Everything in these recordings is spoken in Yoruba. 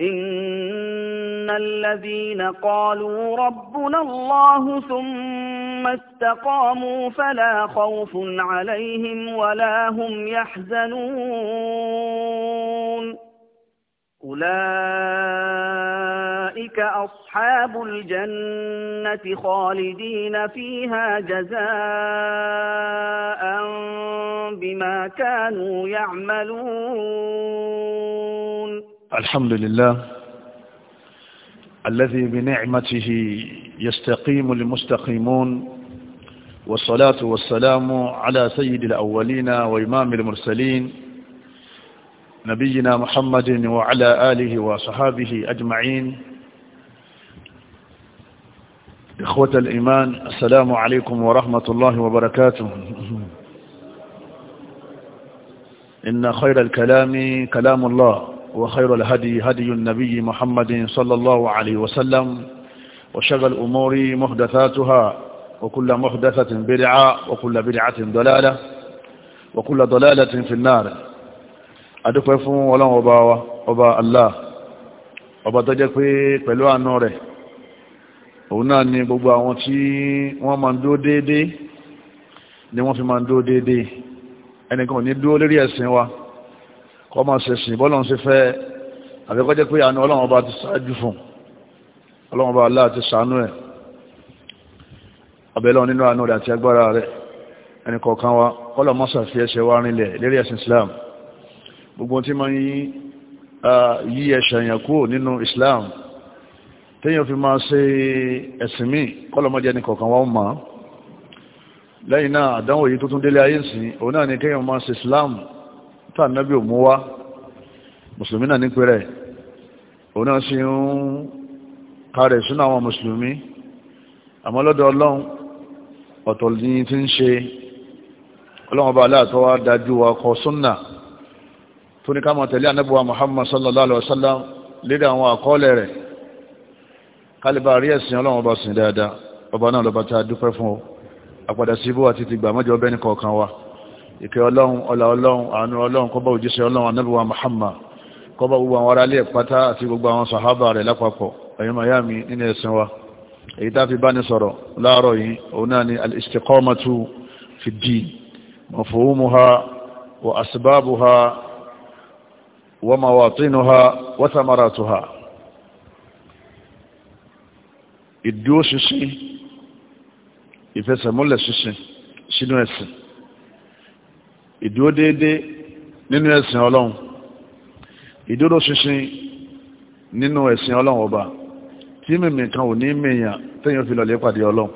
إن الذين قالوا ربنا الله ثم استقاموا فلا خوف عليهم ولا هم يحزنون أولئك أصحاب الجنة خالدين فيها جزاء بما كانوا يعملون الحمد لله الذي بنعمته يستقيم المستقيمون والصلاة والسلام على سيد الأولين وإمام المرسلين نبينا محمد وعلى آله وصحابه أجمعين إخوة الإيمان السلام عليكم ورحمة الله وبركاته إن خير الكلام كلام الله وخير الهدي هدي النبي محمد صلى الله عليه وسلم وشغل الأمور محدثاتها وكل محدثة برعاء وكل بدعة ضلالة وكل ضلالة في النار أدوك فون ولا أبا أبا الله أبا تجاكوي بلوى النور هنا نبوبا وانتي ومن دو ديدي ni wọ́n fi máa ń dúó déédéé ẹnìkan ò ní dúó kọ́ máa ṣe sìn bọ́lọ́n ṣe fẹ́ àbíkọ́ jẹ́ pé àánú ọlọ́run ọba ti ṣáájú fún ọlọ́run ọba aláà ti ṣàánú ẹ̀ abẹ́lọ́ nínú àánú rẹ̀ àti agbára rẹ̀ ẹnì kọ̀ọ̀kan wa kọ́lọ̀ mọ́sà fi ẹsẹ̀ wá rinlẹ̀ lérí ẹ̀sìn Islam gbogbo tí máa yí ẹ̀ṣẹ̀ yẹn kúrò nínú Islam téèyàn fi máa ṣe ẹ̀sìn míì kọ́lọ̀ mọ́jẹ́ ẹnì kọ̀ọ̀kan wa ó máa lẹ́yìn náà àdánwò yìí tó tún délé ayé ń sìn òun náà ni kéèyàn máa ṣe Islam tó ànábì ò mú wá mùsùlùmí náà nípìnlẹ̀ òun náà sì ń kárẹ̀ sínú àwọn mùsùlùmí àmọ́ lọ́dọ̀ ọlọ́run ọ̀tọ̀ ní ti ń ṣe ọlọ́run ọba aláàtọ́ wa dájú wa kọ súnà tó ní ká tẹ̀lé ànábì Muhammad sallallahu alaihi wa sallam lédè àwọn àkọọ́lẹ̀ rẹ̀ kálíbà rí ẹ̀sìn ọlọ́run ọba sìn dáadáa ọba náà lọ́ba tá a dúpẹ́ fún ọ àpàdà síbú àti ti gbà bẹ́ẹ̀ ní kọ̀ọ̀kan wa ìkẹ́ ọlọ́run ọlá ọlọ́run àánú ọlọ́run kó bá òjíṣẹ́ ọlọ́run anábíwá Muhammad kó bá gbogbo àwọn aráalé pátá àti gbogbo àwọn sàhábà rẹ̀ lápapọ̀ ẹ̀yin miami nínú ẹ̀sìn wa èyí tá fi bá ní sọ̀rọ̀ láàárọ̀ yìí òun sínú ẹ̀sìn ìdúró déédéé nínú ẹ̀sìn ọlọ́run ìdúró ṣinṣin nínú ẹ̀sìn ọlọ́run ọba tí mímì kan ò ní mìíyàn téèyàn fi lọ́lẹ́ pàdé ọlọ́run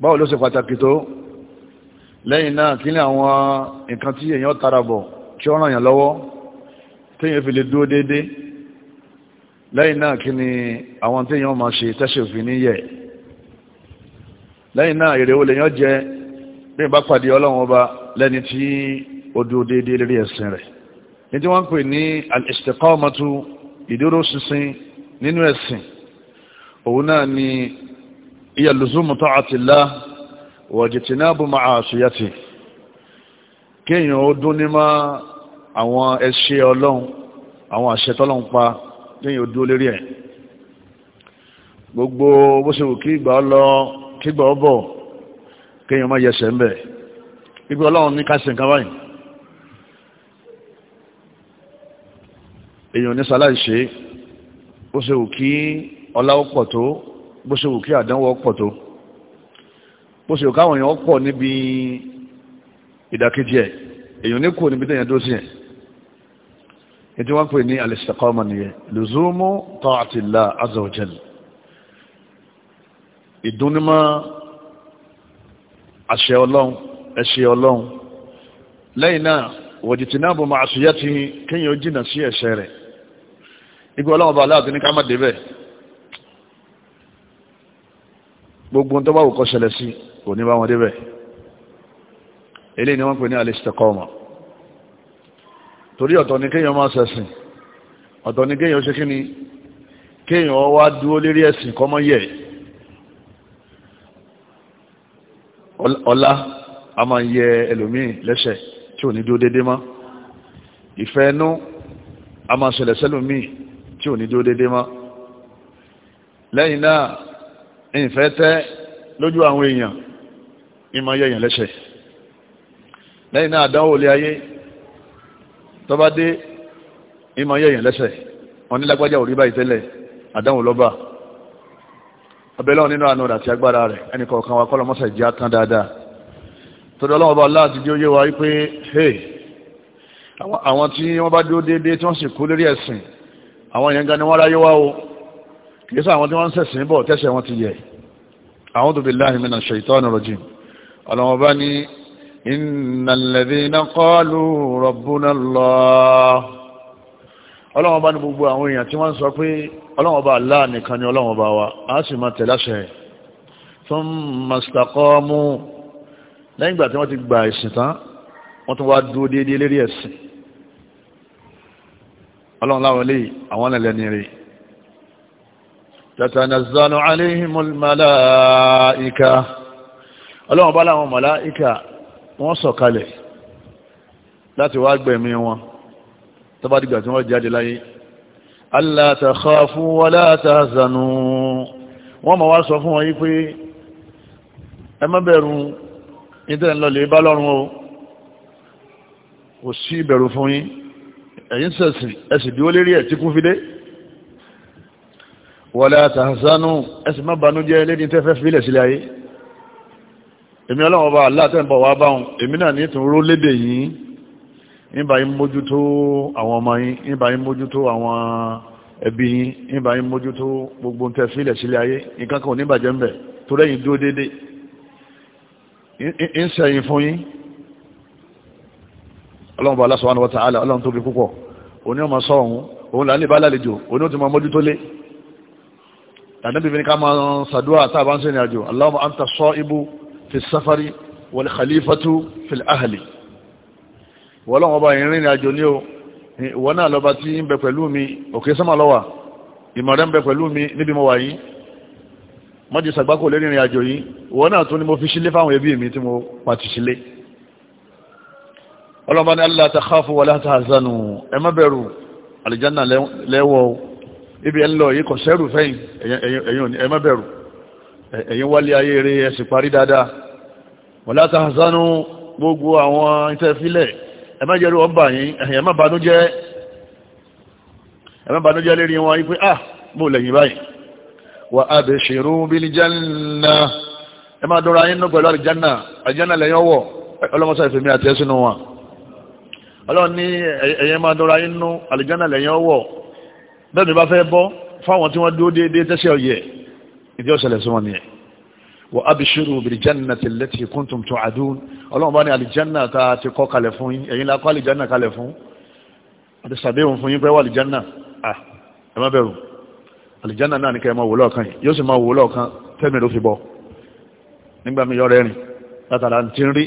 báwo ló ṣe pàtàkì tó lẹ́yìn náà kí ni àwọn nǹkan tí èèyàn tara bọ̀ kí ó ràn yàn lọ́wọ́ téèyàn fi lè dúró déédéé lẹ́yìn náà kí ni àwọn téèyàn máa ṣe tẹ́sẹ̀ òfin níyẹ̀ lẹ́yìn náà èrè olèyàn jẹ́ bí n bá pàdé ọlọ́run ọba lẹ́ni tí ó dúró déédéé lórí ẹ̀sìn rẹ̀ ní tí wọ́n ń pè ní al-istiqamatu ìdúró ṣinṣin nínú ẹ̀sìn òun náà ni iya luzumu ta'atillah wa jitinabu kéèyàn ó dún ní àwọn ẹ̀ṣẹ̀ ọlọ́run àwọn àṣẹ tọ́lọ́run pa kéèyàn ó dúró lórí ẹ̀ gbogbo bó ṣe wù kí ìgbà ọ lọ kí ìgbà ọ bọ̀ kéèyàn má yẹsẹ̀ ń bẹ̀ ibi ọlọ́run ní ká ṣe nǹkan báyìí èèyàn ní sáláì ṣe bó ṣe wù kí ọlá ó pọ̀ tó bó ṣe wù kí àdánwò ó pọ̀ tó bó ṣe wù káwọn èèyàn pọ̀ níbi ìdàkejì ẹ̀ èèyàn ní kú níbi tẹ̀yàn dó sí ẹ̀ ètò wọn pè ní al-istiqama nìyẹn lùzúmù ta'atillah azza wa ìdúnnímọ́ àṣẹ ọlọ́run ẹ̀ṣẹ̀ ọlọ́run lẹ́yìn náà wajitinabu ma'asiyatihi kéèyàn jìnà sí ẹ̀ṣẹ̀ rẹ̀ igbó ọlọ́run bá aláàtí ní ká má débẹ̀ gbogbo ń tọ́wọ́ òkọ́ ṣẹlẹ̀ sí kò ní bá wọn débẹ̀ eléyìí ni wọ́n pè ní al-istiqama torí ọ̀tọ̀ ni kéèyàn máa ṣẹ̀sìn ọ̀tọ̀ ni kéèyàn ṣe kí ni kéèyàn wá dúró lérí ẹ̀sìn kọ́mọ́ ọlá a máa yẹ ẹlòmíì lẹ́sẹ̀ tí ò ní dúró déédéé mọ́ ìfẹ́ ẹnu a máa ṣẹlẹ̀ sẹ́lòmíì tí ò ní dúró déédéé mọ́ lẹ́yìn náà ìfẹ́ tẹ́ lójú àwọn èèyàn ní máa yẹ èèyàn lẹ́sẹ̀ lẹ́yìn náà àdánwò lé ayé tó bá dé ní máa yẹ èèyàn lẹ́sẹ̀ wọn ní lágbájá ò báyìí tẹ́lẹ̀ àdánwò lọ́ba abẹ́lẹ́ nínú àánú àti agbára rẹ̀ ẹnì kọ̀ọ̀kan wa kọ́lọ̀ mọ́sà ìjẹ́ tán dáadáa torí ọlọ́run ọba láti jẹ́ oyé wa wípé hey àwọn tí wọ́n bá dúró déédéé tí wọ́n sì kú lórí ẹ̀sìn àwọn èèyàn gan wọ́n ráyé wá o kìí àwọn tí wọ́n ń sẹ̀sìn bọ̀ tẹ́sẹ̀ wọn ti yẹ a'udhu billahi minash shaitanir rajim ọlọ́run ọba ní innal ladhina qalu rabbuna Allah ọlọ́run ọba ní gbogbo àwọn èèyàn tí wọ́n sọ pé ọlọ́wọ́n bá aláà nìkan ni ọlọ́wọ́n bá wa a sì máa tẹ̀láṣẹ fún mastakọ́mù lẹ́yìn ìgbà tí wọ́n ti gba ẹ̀sìn tán wọ́n tún wá dúró déédéé lérí ẹ̀sìn ọlọ́run láwọn lè àwọn ẹlẹ́ni rí láti wá gbẹ̀mí wọn tó dìgbà tí wọ́n jáde láyé alla takhafu wala tahzanu wọ́n ma wá sọ fún wọn yí pé ẹ má bẹ̀rù ìtẹ́ ìlọlẹ̀ bá lọ́rùn o kò sí ìbẹ̀rù fún yín ẹ̀yin sẹ̀sìn ẹ̀sìn bí ó lérí ẹ̀ tí kún fi dé wala tahzanu ẹ̀sìn má banújẹ́ lédi tẹ́ ní ìtùn ìbá yí mójútó àwọn ọmọ yín ìbá yí mójútó àwọn ẹbí yín ìbá yí mójútó gbogbo ń tẹ́ sílẹ̀ sílẹ̀ ayé nǹkan kan ò ní bàjẹ́ ńbẹ̀ tó lẹ́yìn dúró dédé ń sẹ́yìn fún yín ọlọ́run bá Allah subhanahu wa ta'ala ọlọ́run tóbi púpọ̀ òní ọmọ sọ ọ̀hún òun là ń lè bá lálejò òní ó ti mọ mójútó lé ànábì fi ká máa sàdúrà wọ́n lọ́wọ́ bá ìrìn àjò ní o ìwọ náà lọ́ba tí ń bẹ pẹ̀lú mi òkè sánmà lọ́wà ìmọ̀rẹ́ ń bẹ pẹ̀lú mi níbi mo wà yìí mọ́jì sàgbákò lé àjò yìí ìwọ náà tún ni mo fi sílé fáwọn ẹbí mi tí mo pàtì sílé wala tahzanu ẹ má bẹ̀rù ibi ẹ̀ ń lọ yìí kò sẹ́rù fẹ́yìn ẹ̀yin ẹ wala tahzanu gbogbo àwọn ìtẹ́fílẹ̀ ẹ̀mẹ́jẹ̀rú ọba yìí ẹ̀yẹ̀ má banújẹ́ lérí wọn ipé ah mú lẹ́yìn báyìí wà abshiru bil janna ẹ máa dọ́ra yín nù pẹ̀lú àlìjánà àlìjánà lẹ́yìn ọwọ́ ọlọ́mọsá ìfẹ̀mí àti ẹ̀sìn wọn ọlọ́run ní ẹ̀yẹ máa dọ́ra yín nù àlìjánà lẹ́yìn ọwọ́ bẹ́ẹ̀ mi bá fẹ́ bọ́ fáwọn wa abishiru bil jannati allati kuntum tu'adun ọlọ́run bá ní alìjánà ta ti kọ́ kalẹ̀ fún yín ẹ̀yin la kọ́ alìjánà kalẹ̀ fún àti sàdéhùn fún yín pé wà alìjánà à ẹ má bẹ̀rù alìjánà náà ní kẹ́ ẹ máa wò lọ́ọ̀kan yìí yóò sì máa wò lọ́ọ̀kan tẹ́mi ló fi bọ́ nígbà mi yọrẹ rìn látara ti ń rí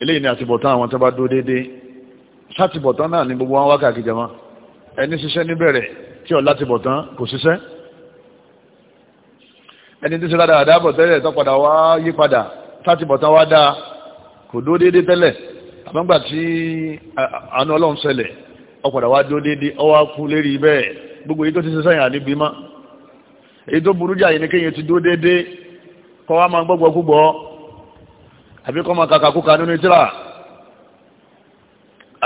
eléyìí ni àtibọ̀tán àwọn tó bá dó déédéé sátibọ̀tán náà ni gbogbo wọn wákàkì jẹma ẹni tí sọ́dá dáadáa bọ̀ tẹ́lẹ̀ tó padà wá yí padà láti bọ̀tán wá dáa kò dúró déédéé tẹ́lẹ̀ àmọ́gbà tí àánú ọlọ́run ṣẹlẹ̀ ó wá dúró déédéé ó kú gbogbo èyí tó ti sẹ́sẹ́ yàn níbi mọ́ èyí tó burú jà ti dúró déédéé kọ́ wá máa gbọ́gbọ́ kúgbọ́ àbí kọ́ máa kàkà kúkà nínú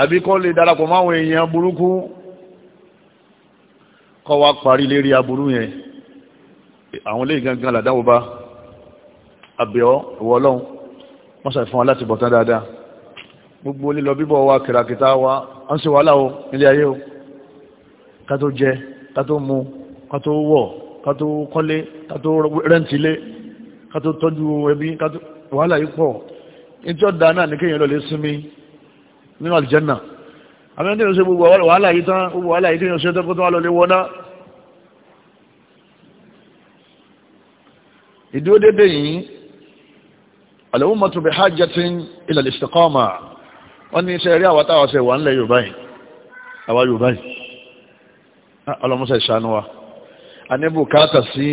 àbí kọ́ lè darapọ̀ máwọn èèyàn burúkú kọ́ wá àwọn ilé ìgangan làdáwò bá àbẹ̀ọ́ ìwọ̀ ọlọ́run wọ́n sàfihàn wọn láti bọ̀tán dáadáa gbogbo lílọ bíbọ̀ wa kìràkìtà wa ń ṣe wàhálà o nílé ayé o ká tó jẹ ká tó mu ká tó wọ̀ ká tó kọ́lé ká tó rẹ́ǹtì ilé ká tó tọ́jú ẹbí wàhálà yìí pọ̀ ìjọ da náà ní kéèyàn lọlé sinmi nínú àlìjẹ́nà àmì ẹni tí ó ṣe gbogbo wàhálà yìí tán gbogbo wàhálà yìí tí ó ṣe tẹ́kọ́ tó wà lọlé wọ́ná ìdúró dédé yìí al-ummatu bi hajjatin ila al-istiqama wọ́n ní iṣẹ́ rí àwọn táwọn ṣe wà nílẹ̀ yorùbá yìí àwa yorùbá yìí ọlọ́mọṣẹ́ ah, ìṣàánú wa a ní bùkátà sí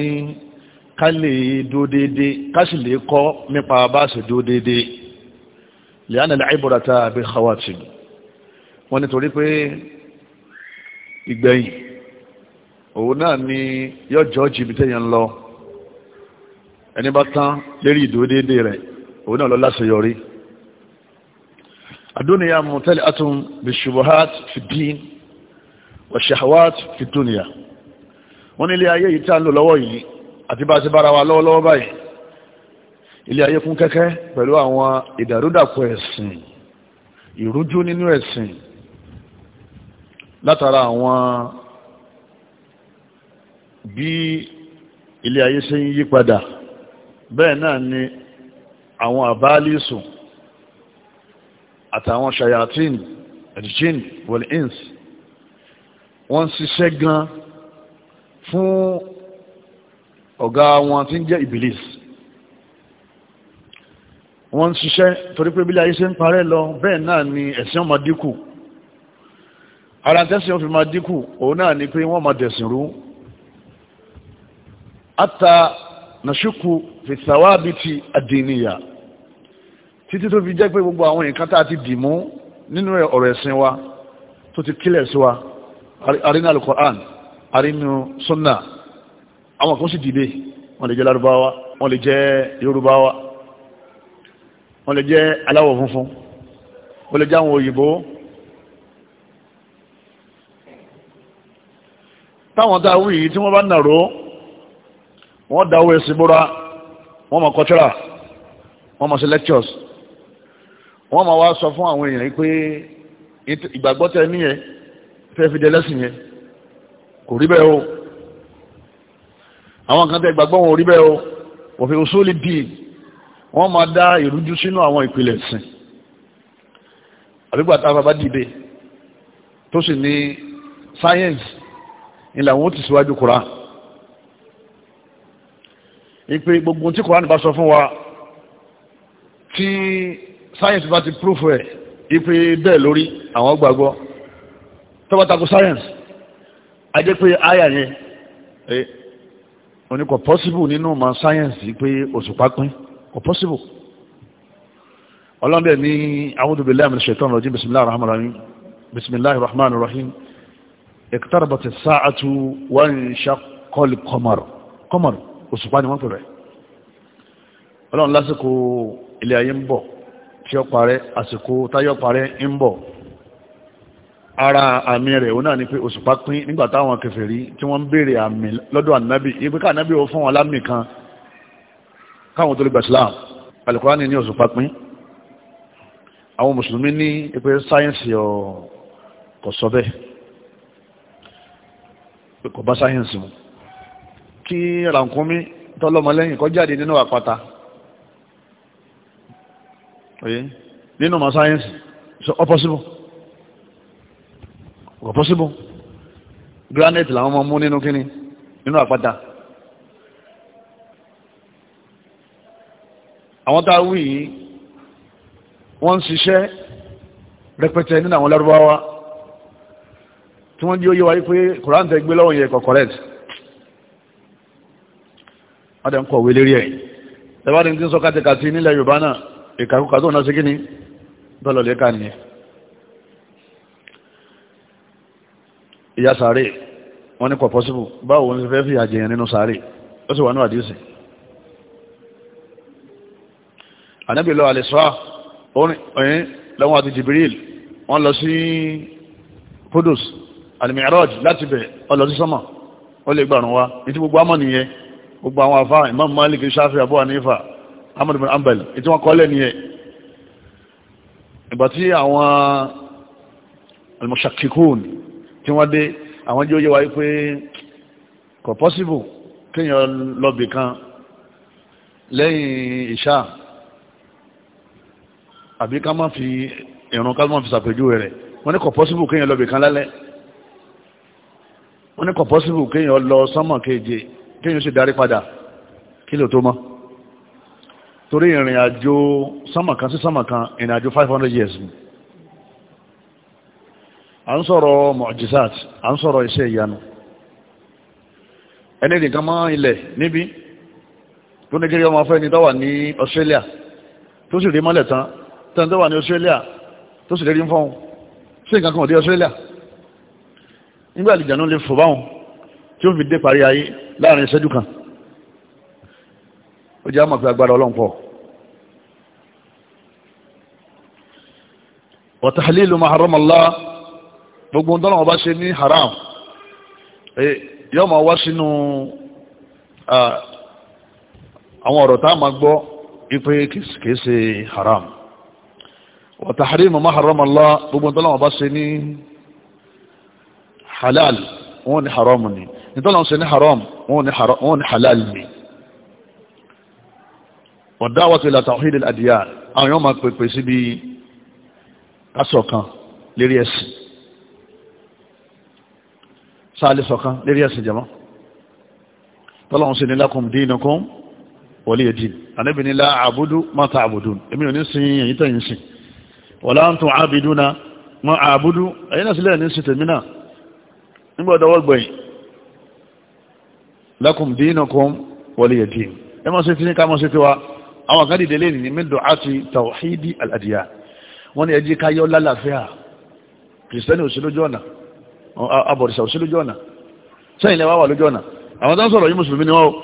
ká lè dúró dédé ká sì lè kọ́ nípa bá ṣe dúró dédé pé ìgbẹ̀yìn òun náà ni yọjọ́ jìbìtẹ́yàn lọ ẹni bá tán lérí ìdúró déédéé rẹ̀ òun náà lọ láṣeyọrí adúnìyà mọ̀tẹ́lẹ̀ atún bishubuhat fìdín wàṣàwát fìdúnìyà wọ́n ní ilé ayé yìí tí a ń lò lọ́wọ́ yìí àti bá ti bára wa lọ́wọ́lọ́wọ́ báyìí ilé ayé kún kẹ́kẹ́ pẹ̀lú àwọn ìdàrúdàpọ̀ ẹ̀sìn ìrújú nínú ẹ̀sìn látara àwọn bí ilé ayé ṣe ń yí padà bẹ́ẹ̀ náà ni àwọn àbálìsùn àtàwọn shayatin aljin wal ins wọ́n ń ṣiṣẹ́ gan fún ọ̀gá wọn tí ń jẹ́ ibilis wọ́n ń ṣiṣẹ́ torí pé bílá iṣẹ́ ń parẹ́ lọ bẹ́ẹ̀ náà ni ẹ̀sìn ọmọ dínkù ara tẹ́sìn ọmọ máa dínkù òun náà ni pé wọ́n máa dẹ̀sìn rú Nashuku fi sàwábì ti àdìníyà títí tó fi jẹ́ pé gbogbo àwọn nǹkan tá a ti dì mú nínú ọ̀rọ̀ ẹ̀sìn wa tó ti kílẹ̀ sí wa arínú alukoran arínú sunna àwọn kan sì dìde wọ́n lè jẹ́ lárúbáwá wọ́n lè jẹ́ yorùbáwá wọ́n lè jẹ́ aláwọ̀ funfun wọ́n lè jẹ́ àwọn òyìnbó táwọn tá yìí tí wọ́n bá nàró wọ́n dáwọ́ ẹ̀sìn búra wọ́n máa kọ́tíra wọ́n máa ṣe lectures wọ́n máa wá sọ fún àwọn èèyàn yìí pé ìgbàgbọ́ tẹ ní fẹ́ fi dé lẹ́sìn yẹn kò rí bẹ́ẹ̀ o àwọn kan tẹ ìgbàgbọ́ wọn ò rí bẹ́ẹ̀ o òfin òṣòlì dì wọ́n máa dá ìrújú sínú àwọn ìpìlẹ̀ ẹ̀sìn àbígbà tá a bàbá dìde tó sì ní science ìlànà ó ti síwájú kura ipe gbogbo tí Kùránì bá sọ fún wa tí sáyẹ̀nsì bá ti prúfù ẹ̀ ipe bẹ́ẹ̀ lórí àwọn gbàgbọ́ tó bá tako sáyẹ̀nsì ajẹ́ pé àyà yẹn òní kò pọ́síbù nínú ma sáyẹ̀nsì pé òṣùpá pín kò pọ́síbù ọlọ́dẹ̀ ní a'udhu billahi minash shaitanir rajim bismillahir rahmanir rahim bismillahir rahmanir rahim iqtarabatis sa'atu wa inshaqqal qamar qamar òṣùpá ni wọ́n pè rẹ̀ ọlọ́run lásìkò ilé ayé ń bọ̀ tí ó parẹ́ àsìkò táyọ̀ parẹ́ ń bọ̀ ara àmì rẹ̀ òun náà ni pé òṣùpá pín nígbà táwọn kèfèrí tí wọ́n ń béèrè àmì lọ́dọ̀ ànábì ibi ká ànábì ó fún wọn lámì kan káwọn tó lè gbà sílám Al-Kùránì ní òṣùpá pín àwọn mùsùlùmí ní pé sáyẹ́ǹsì kò sọ bẹ́ẹ̀ kò bá sáyẹ́ǹsì mu kí rànkúnmí tọ́lọ́mọlẹ́yìn kọ́ jáde nínú àpáta oye nínú ma sáyẹ́nsì so impossible impossible granite làwọn ọmọ mú nínú kíní nínú àpáta àwọn tá a wí yìí wọ́n ń ṣiṣẹ́ rẹpẹtẹ nínú àwọn lárúbáwá tí wọ́n jí ó yé wa pé kòrántẹ́ gbé lọ́wọ́ yẹ kọ̀ adẹ́ ń kọ̀ wé lérí ẹ̀ tẹ́bàdì tí ń sọ kátìkàtì nílẹ̀ yorùbá náà ìkàkùkà tó náà sí kí ni tọ́lọ̀lẹ́ ká nìyẹn ìyá sàárè wọ́n ni kọ̀ pọ́síbù báwo ní fẹ́ fi àjẹyàn nínú sàárè ó sì wà ní àdísì anábìlọ àlẹ́sọ́ orin lọ́wọ́n àti jibril wọ́n lọ sí kudus almiraj láti bẹ̀ ọlọ́sí sọ́mọ̀ ó lè gbàrún wa ní ti gbogbo amọ̀ nìyẹn gbogbo àwọn afá imam malik shafi abu hanifa ahmed bin ambel ìtí wọ́n kọ́lẹ̀ ní ẹ̀ ìgbà tí àwọn almushakikun tí wọ́n dé àwọn jẹ́ oyé wa pé kò possible kíyàn lọ́bì kan lẹ́yìn ìṣá àbí ká má fi ìrun ká má fi sàpèjúwe rẹ̀ wọ́n ní kò possible kíyàn lọ́bì kan lálẹ́ wọ́n ní kò possible kíyàn lọ sánmọ̀ keje kéyìn sì darí padà kí ló tó mọ́ torí ìrìn àjò sánmàkan sí sánmàkan ìrìn àjò 500 years à ń sọ̀rọ̀ mọ̀jísàt à ń sọ̀rọ̀ iṣẹ́ ìyanu ẹni nìkan mọ́ ilẹ̀ níbi tó ní kí ọmọ afẹ́ ni tó wà ní Australia tó sì rí mọ́lẹ̀ tán tán tó wà ní Australia tó sì rí fọ́n sí nǹkan kan ò dé Australia nígbà àlìjànú lè fò báwọn tí ó fi dé parí ayé láàrin ìṣẹ́jú kan ó jẹ́ àmọ̀fẹ́ agbára ọlọ́pọ̀ wàtàlílù maharamallá gbogbo ọdọ́nà ọba ṣe ní haram yọ́ ma wá sínú àwọn ọ̀rọ̀ tá a ma gbọ́ ipé kìí ṣe haram wàtàlílù maharamallá gbogbo ọdọ́nà ọba ṣe ní halal wọ́n ní haram ni ìtọ́lọ́n ṣe ní haram wọ́n ní halal ni ọ̀dá wọ́tí ìlà tawhid al-adiyan àwọn yóò máa pèpè síbi kásọ̀kan lérí ẹ̀sìn sáàlì sọ̀kan lérí ẹ̀sìn jẹ́mọ́ tọ́lọ́n ṣe ní lakum dinukum waliya din anábì ní la a'budu ma ta'budun èmi ò ní sin èyí tẹ̀yìn sìn wala antum abiduna ma a'budu ẹ̀yìn náà sílẹ̀ ní sin tèmi nígbà ọ̀dọ́wọ́gbẹ̀yìn lakum dinukum waliyadin ẹ máa ṣe fi ní ká máa ṣe fi wa àwọn kan dìde lè ní min du'ati tawhidi al-adiyan wọ́n ni ẹjí káyọ́ lálàáfíà kìrìsìtẹ́nì òṣèlójú ọ̀nà abọ̀rìṣà òṣèlójú ọ̀nà sẹ́yìn lẹ́wà wà lójú ọ̀nà àwọn tó ń sọ̀rọ̀ yìí mùsùlùmí ni wọ́n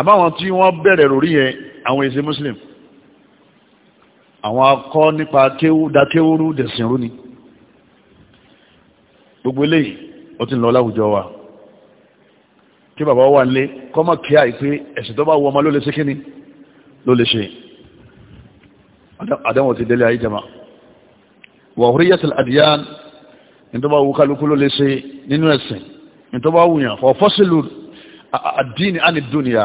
àbáwọn tí wọ́n bẹ̀rẹ̀ lórí yẹn àwọn èsì muslim àwọn akọ́ nípa dákéwúrú dẹ̀sìnrú ni gbogbo eléyìí ó ti ń lọ láwùjọ wa kí bàbá wà nílé kọ́mọ̀ kí á ìpé ẹ̀sìn tó bá wọ ọmọ ló lè ṣe kíni ló lè ṣe àdánwò ti délé ayé jama wà orí yẹ́sìn àdìyàn ní tó bá wù kálukú ló lè ṣe nínú ẹ̀sìn ní tó bá wù yàn fọ́ fọ́sílù àdínì á dúnìyà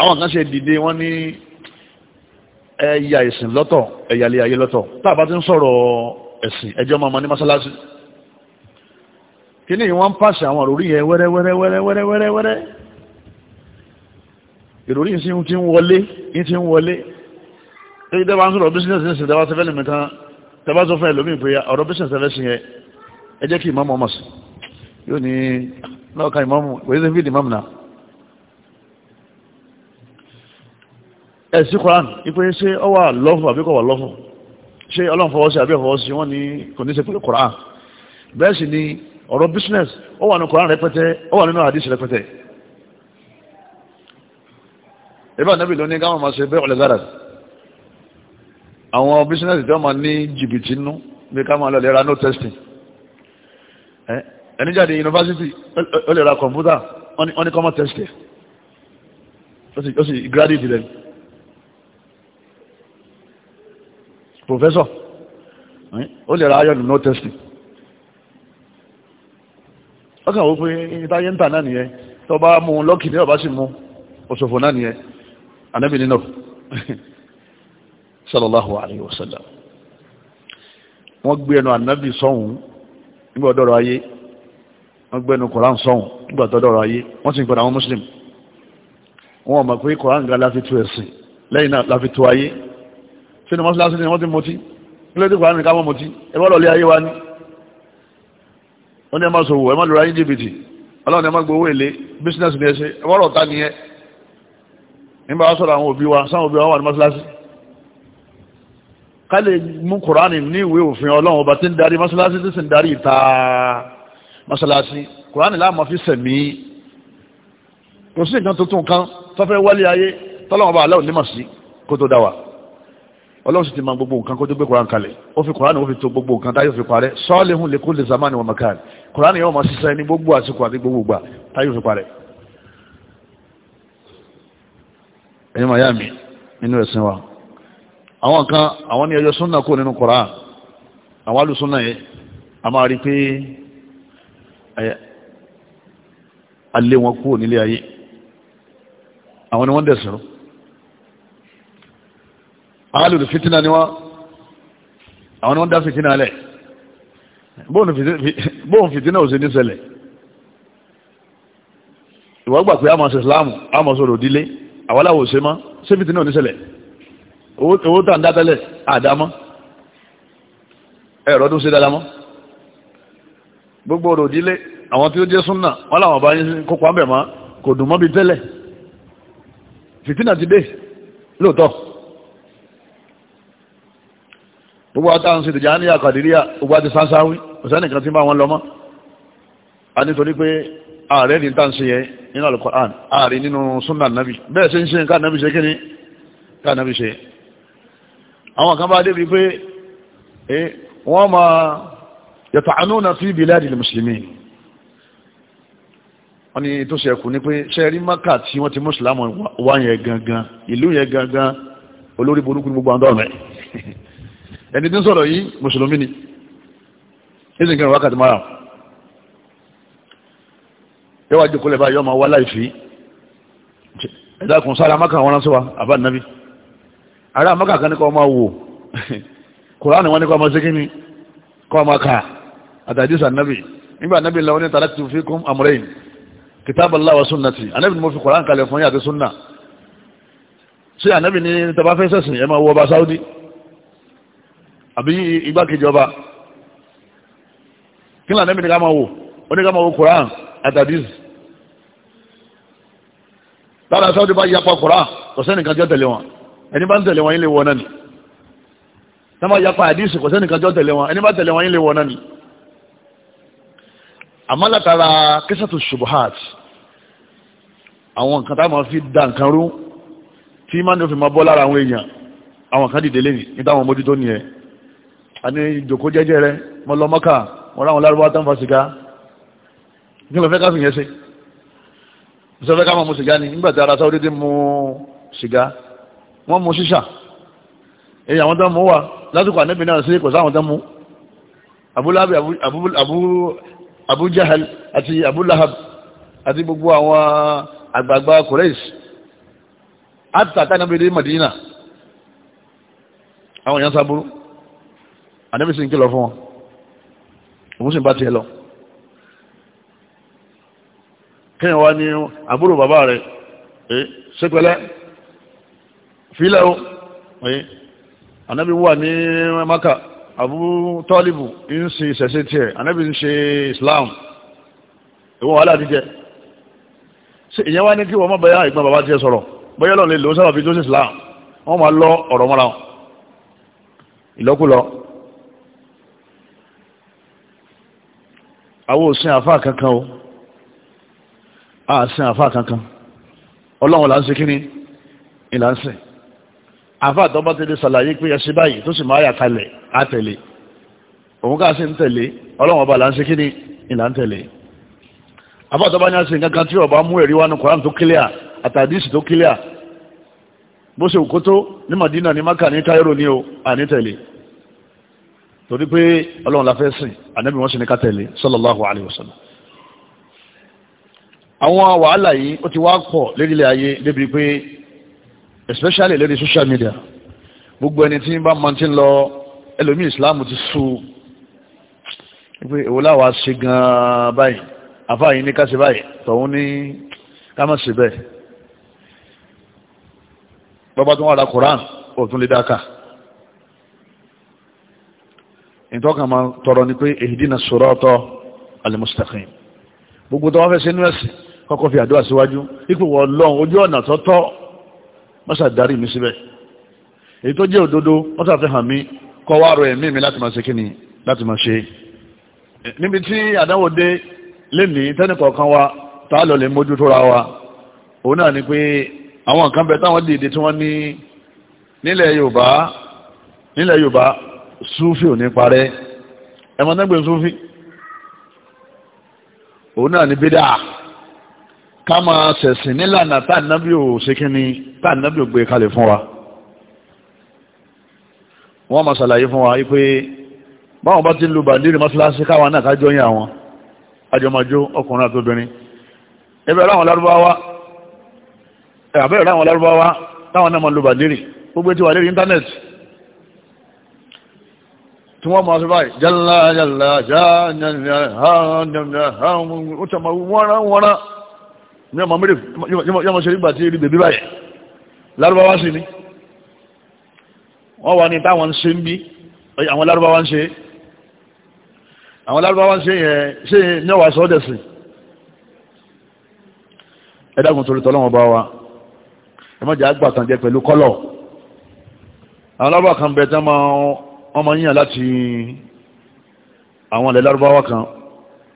àwọn kan ṣe dìde wọ́n ní ẹ̀yà ìsìn lọ́tọ̀ ẹ̀yà ilé ayé lọ́tọ̀ tá a bá ti ń sọ̀rọ̀ ẹ̀sìn ẹjọ́ máa ma ní mọ́sálásí kíní ìwọ́n pàṣẹ àwọn ìròrí yẹn wẹ́rẹ́wẹ́rẹ́wẹ́rẹ́wẹ́rẹ́ ìròrí yìí ti ń wọlé yìí ti ń wọlé èyí tẹ́ bá ń sọ̀rọ̀ business ní sìn tẹ́wàá sẹ́fẹ́lì mẹ́ta tẹ́wàá sọ fún ẹlòmíì pé ọ̀rọ̀ business tẹ́fẹ́ sí yẹn ẹ jẹ́ kí ìmọ̀mọ̀ ọmọ sí yóò ní náà ka ìmọ̀mọ̀ koran ipe ṣé ọ wà lọ́fù àbí kò wà lọ́fù ṣé ọlọ́run fọwọ́ sí àbí ọ̀fọwọ́ sí wọ́n ní koran bẹ́ẹ̀ sì ni ọ̀rọ̀ business ó wà ní Kùránì rẹpẹtẹ ó wà nínú àdìsí rẹpẹtẹ ìbá nẹ́bì ló ní káwọn máa ṣe bẹ́ẹ̀ ọ̀lẹ́gára àwọn business tí wọ́n máa ní jìbìtì nú bí ká máa no testing ẹni jáde yunifásitì ó lè ra kọ̀mpútà wọ́n ní common test ó sì graduate rẹ̀ professor ó lè no testing ọkàn wọ́n pé ìtayé ń tà náà nìyẹn tó bá mú lọ́kì ní ọba sì mú òṣòfò náà nìyẹn anábì nínú sallallahu alayhi wa sallam wọ́n gbé ẹnu anábì sọ́hun nígbà ọ̀dọ́rọ̀ ayé wọ́n gbé ẹnu koran sọ́hun nígbà ọ̀dọ́rọ̀ ayé wọ́n sì ń padà àwọn muslim wọ́n mọ̀ pé koran ga láfi tu ẹ̀sìn lẹ́yìn náà láfi tu ayé sínú mọ́sálásí ni wọ́n ti mọtí ilé tí koran ní ká mọ́ mọtí ẹ bọ́ lọ́lé ayé wa ni wọ́n ní ẹ má sòwò ẹ má lura yín jìbìtì ọlọ́run ní ẹ má gbowó èlé bísínẹ́sì ni ẹ ṣe ẹ wọ́rọ̀ ta ni ẹ nígbà wá sọ̀rọ̀ àwọn òbí wa sáwọn òbí wa wà ní mọ́sálásí ká lè mú kùránì ní ìwé òfin ọlọ́run ọba tí ń darí mọ́sálásí tí sì ń darí ìta mọ́sálásí kùránì láàmú fi sẹ̀mí kò sí nǹkan tuntun kan tó fẹ́ wálé ayé tọ́lọ́run ọba aláwọ̀ nímọ̀ sí kó tó dá wa ọlọ́run sì ti ma gbogbo nǹkan kó tó gbé koran kalẹ̀ ó fi koran ó fi tó gbogbo nǹkan táyọ̀ fi parẹ́ sọ́ọ́lẹ́hùn lè kó lè zamani wọn makan koran yóò máa ṣiṣẹ́ ní gbogbo àsìkò àti gbogbo gbà táyọ̀ fi parẹ́. ẹ̀yin màá yá mi nínú ẹ̀sìn wa àwọn kan àwọn ní ẹyọ súnà kó nínú koran àwọn alùsúnà yẹn a máa rí pé alẹ́ wọn kúrò nílé ayé àwọn ni wọ́n dẹ̀ sọ̀rọ̀ alùlù fitina ni wọ́n àwọn ni wọ́n dá fitina lẹ̀ bóun fitina ò sí ní ṣẹlẹ̀ ìwọ́n gbà pé àmọ̀ ìsìláàmù àmọ̀ sọ̀rọ̀ òdílé àwọ́láwò ṣe mọ́ sí fitina ò ní ṣẹlẹ̀ owó tàn dátẹ́lẹ̀ àdámọ́ ẹ̀rọ tó ṣe dáadáa mọ́ gbogbo ọ̀rọ̀ òdílé àwọn tí ó jẹ́ súnà wọ́n láwọn bá yín kópa mẹ́mọ́ kò dùn mọ́ bí tẹ́lẹ̀ fitina ti dé lóòótọ́ gbogbo àtàwọn sí ìdìjà ní àkàdìríà gbogbo àti sáńsáwí òsẹ́nìkan tí bá wọn lọ mọ́ a nítorí pé ààrẹ ní tàǹsí yẹn nínú Al-Qur'an ààrẹ nínú súnà nàbì bẹ́ẹ̀ sí ń ṣe ká nàbì ṣe kíní ká nàbì ṣe àwọn kan bá débi pé wọ́n máa yata'anuna fi biladil muslimin wọ́n ní tó ṣe ẹkù ní pé ṣẹ́rí Mákà tí wọ́n ti mùsùlùmí wá yẹn gangan ìlú yẹn gangan olórí burúkú gbogbo àdọ́rẹ̀ ẹni tí ń sọ̀rọ̀ yìí mùsùlùmí ni ní ìsìnkẹrin wákàtí mara yóò wá jókòó lẹ́bàá yóò máa wá láìfí ẹ̀dá kùn sára maka wọn sọ́wọ́ àbá nàbí ará maka kan ní kọ́ máa wò kùránì wọn ní kọ́ máa ṣe kíni kọ́ máa kà àtàdísà nàbí nígbà nàbí lọ ní tàràkì fi kún amúrẹ́yìn kìtàbàlá wa sunnati anábì ni mo fi kùránì kalẹ̀ fún yàtọ̀ sunna ṣé anábì ni tabafẹ́ sẹ́sìn ẹ máa wọ ọba sáúdí àbí igbákejì ọba kí ni ànẹ́bì ní ká máa wò ó ní ká máa wò koran àtàdíz lára sáwọ́dì bá yapa koran kò sẹ́nìkan jọ tẹ̀lé wọn ẹni bá ń tẹ̀lé wọn yín lè wọ náà ni tá yapa àdíz kò sẹ́nìkan jọ tẹ̀lé wọn ẹni bá tẹ̀lé wọn yín lè wọ náà ni àmọ́ látara kísàtù ṣubuhat àwọn nǹkan táwọn fi dá nǹkan rú tí má ní ó fi máa bọ́ lára àwọn èèyàn àwọn kan dìde lẹ́yìn ní táwọn mójútó nìyẹn àní ìjòkó jẹ́jẹ́ rẹ mo lọ mọ́kà mo ráwọn lárúbáwá tán fa sìgá ní ọ̀fẹ́ ká fìyẹn ṣe ìṣọ́fẹ́ ká máa mu sìgá ni nígbà tí ara sáwọ́ dédé mu sìgá wọ́n mu ṣíṣà èyí àwọn tán mú wa lásìkò àníbi náà sí kò sáwọn tán mú abúláhàbì abújáhàl àti abúláhàb àti gbogbo àwọn àgbààgbà kòrèṣ àtàtà náà bèèrè Madina àwọn èèyàn sábúrú ànábì sì ń kìlọ̀ fún wọn òun sì ń bá tiẹ̀ lọ kíyàn wá ní àbúrò bàbá rẹ̀ ẹ sẹ́pẹ̀lẹ́ fílẹ̀ o ànábì wà ní maka àbú tọ́lìbù ń sin ìṣẹ̀ṣẹ̀ tiẹ̀ ànábì ń ṣe islam ìwọ̀n wàhálà jíjẹ ìyẹn wá ní kí wọ́n mọ́ bẹ́yà ìgbọ́n bàbá tiẹ̀ sọ̀rọ̀ bọ́yọ́ lọ́n lè lò ó sábà fi joseph islam wọ́n máa lọ ọ̀rọ̀ mọ́ra ìlọ́kùlọ́ àwọn òsìn àfá kankan o àsìn àfá kankan ọlọ́run là ń ṣe kí ni ìlà ń sìn àfá àtọ́bá ti lè ṣàlàyé pé ẹ ṣe báyìí tó sì máa yà kalẹ̀ á tẹ̀lé òun káà sí ń tẹ̀lé ọlọ́run ọba là ń ṣe kí ni ìlà ń ní àṣìn Madina ní Maka ní Cairo ní o torí pé ọlọ́run la fẹ́ sìn ànábì wọ́n sì ní ká tẹ̀lé sallallahu alayhi wa sallam àwọn wàhálà yìí ó ti wá pọ̀ lérílẹ̀ ayé débi pé especially lérí social media gbogbo ẹni tí ń bá mọ ti ń lọ ẹlòmí ìsìláàmù ti sú pé èwo láwàá ṣe gan-an báyìí àfáà yìí ní ká ṣe báyìí tọ̀hún ní ká má ṣe tó wà ra Koran ó tún lè dáka ìtọ́kàn máa tọrọ ni pé ihdina sirata al-mustaqim gbogbo tó wá fẹ́ sínú ẹ̀sìn kọ́kọ́ fi àdúrà síwájú ipò wọ lọ́n ojú ọ̀nà tọ́tọ́ mọ́sà darí mi síbẹ̀ èyí tó jẹ́ òdodo mọ́sà fi hàn mí kọ́ wá rọ ẹ̀mí mi láti máa ṣe kíni láti máa ṣe níbi tí àdáwò dé wa a wa òun ni pé àwọn nǹkan bẹ táwọn dìde tí wọ́n súfì ò ní parẹ́ ẹmọ nẹ́gbẹ̀ẹ́ súfì òun náà ní bídà ká máa ṣẹ̀sìn nílànà tá ànábì ò ṣe kí ni tá ànábì ò gbé kalẹ̀ fún wa wọ́n máa ṣàlàyé fún wa wípé báwọn bá ti lu bàndírì mọ́ṣáláṣí káwa náà kájọ yín àwọn àjọmọjó ọkùnrin àti obìnrin ẹbẹ̀ ráwọn lárúbáwá ẹ̀bẹ̀ ráwọn lárúbáwá táwọn náà máa lu bàndírì gbogbo ètò wà lérí íńtánẹ́ẹ̀tì tí wọ́n máa sọ báyìí jalla jalla jalla ó tẹ̀ máa wọ́nrán wọ́nrán ní ọmọ mẹ́rin yọ́ máa ṣe nígbà tí rí bèbí ni wọ́n wà ní táwọn ṣe ń bí àwọn lárúbáwá ń ṣe àwọn lárúbáwá ń ṣe yẹn ṣe níwà sọ́dẹ̀ sí ẹ̀dàgùn wọ́n máa ń yàn láti àwọn ilẹ̀ lárúbáwá kan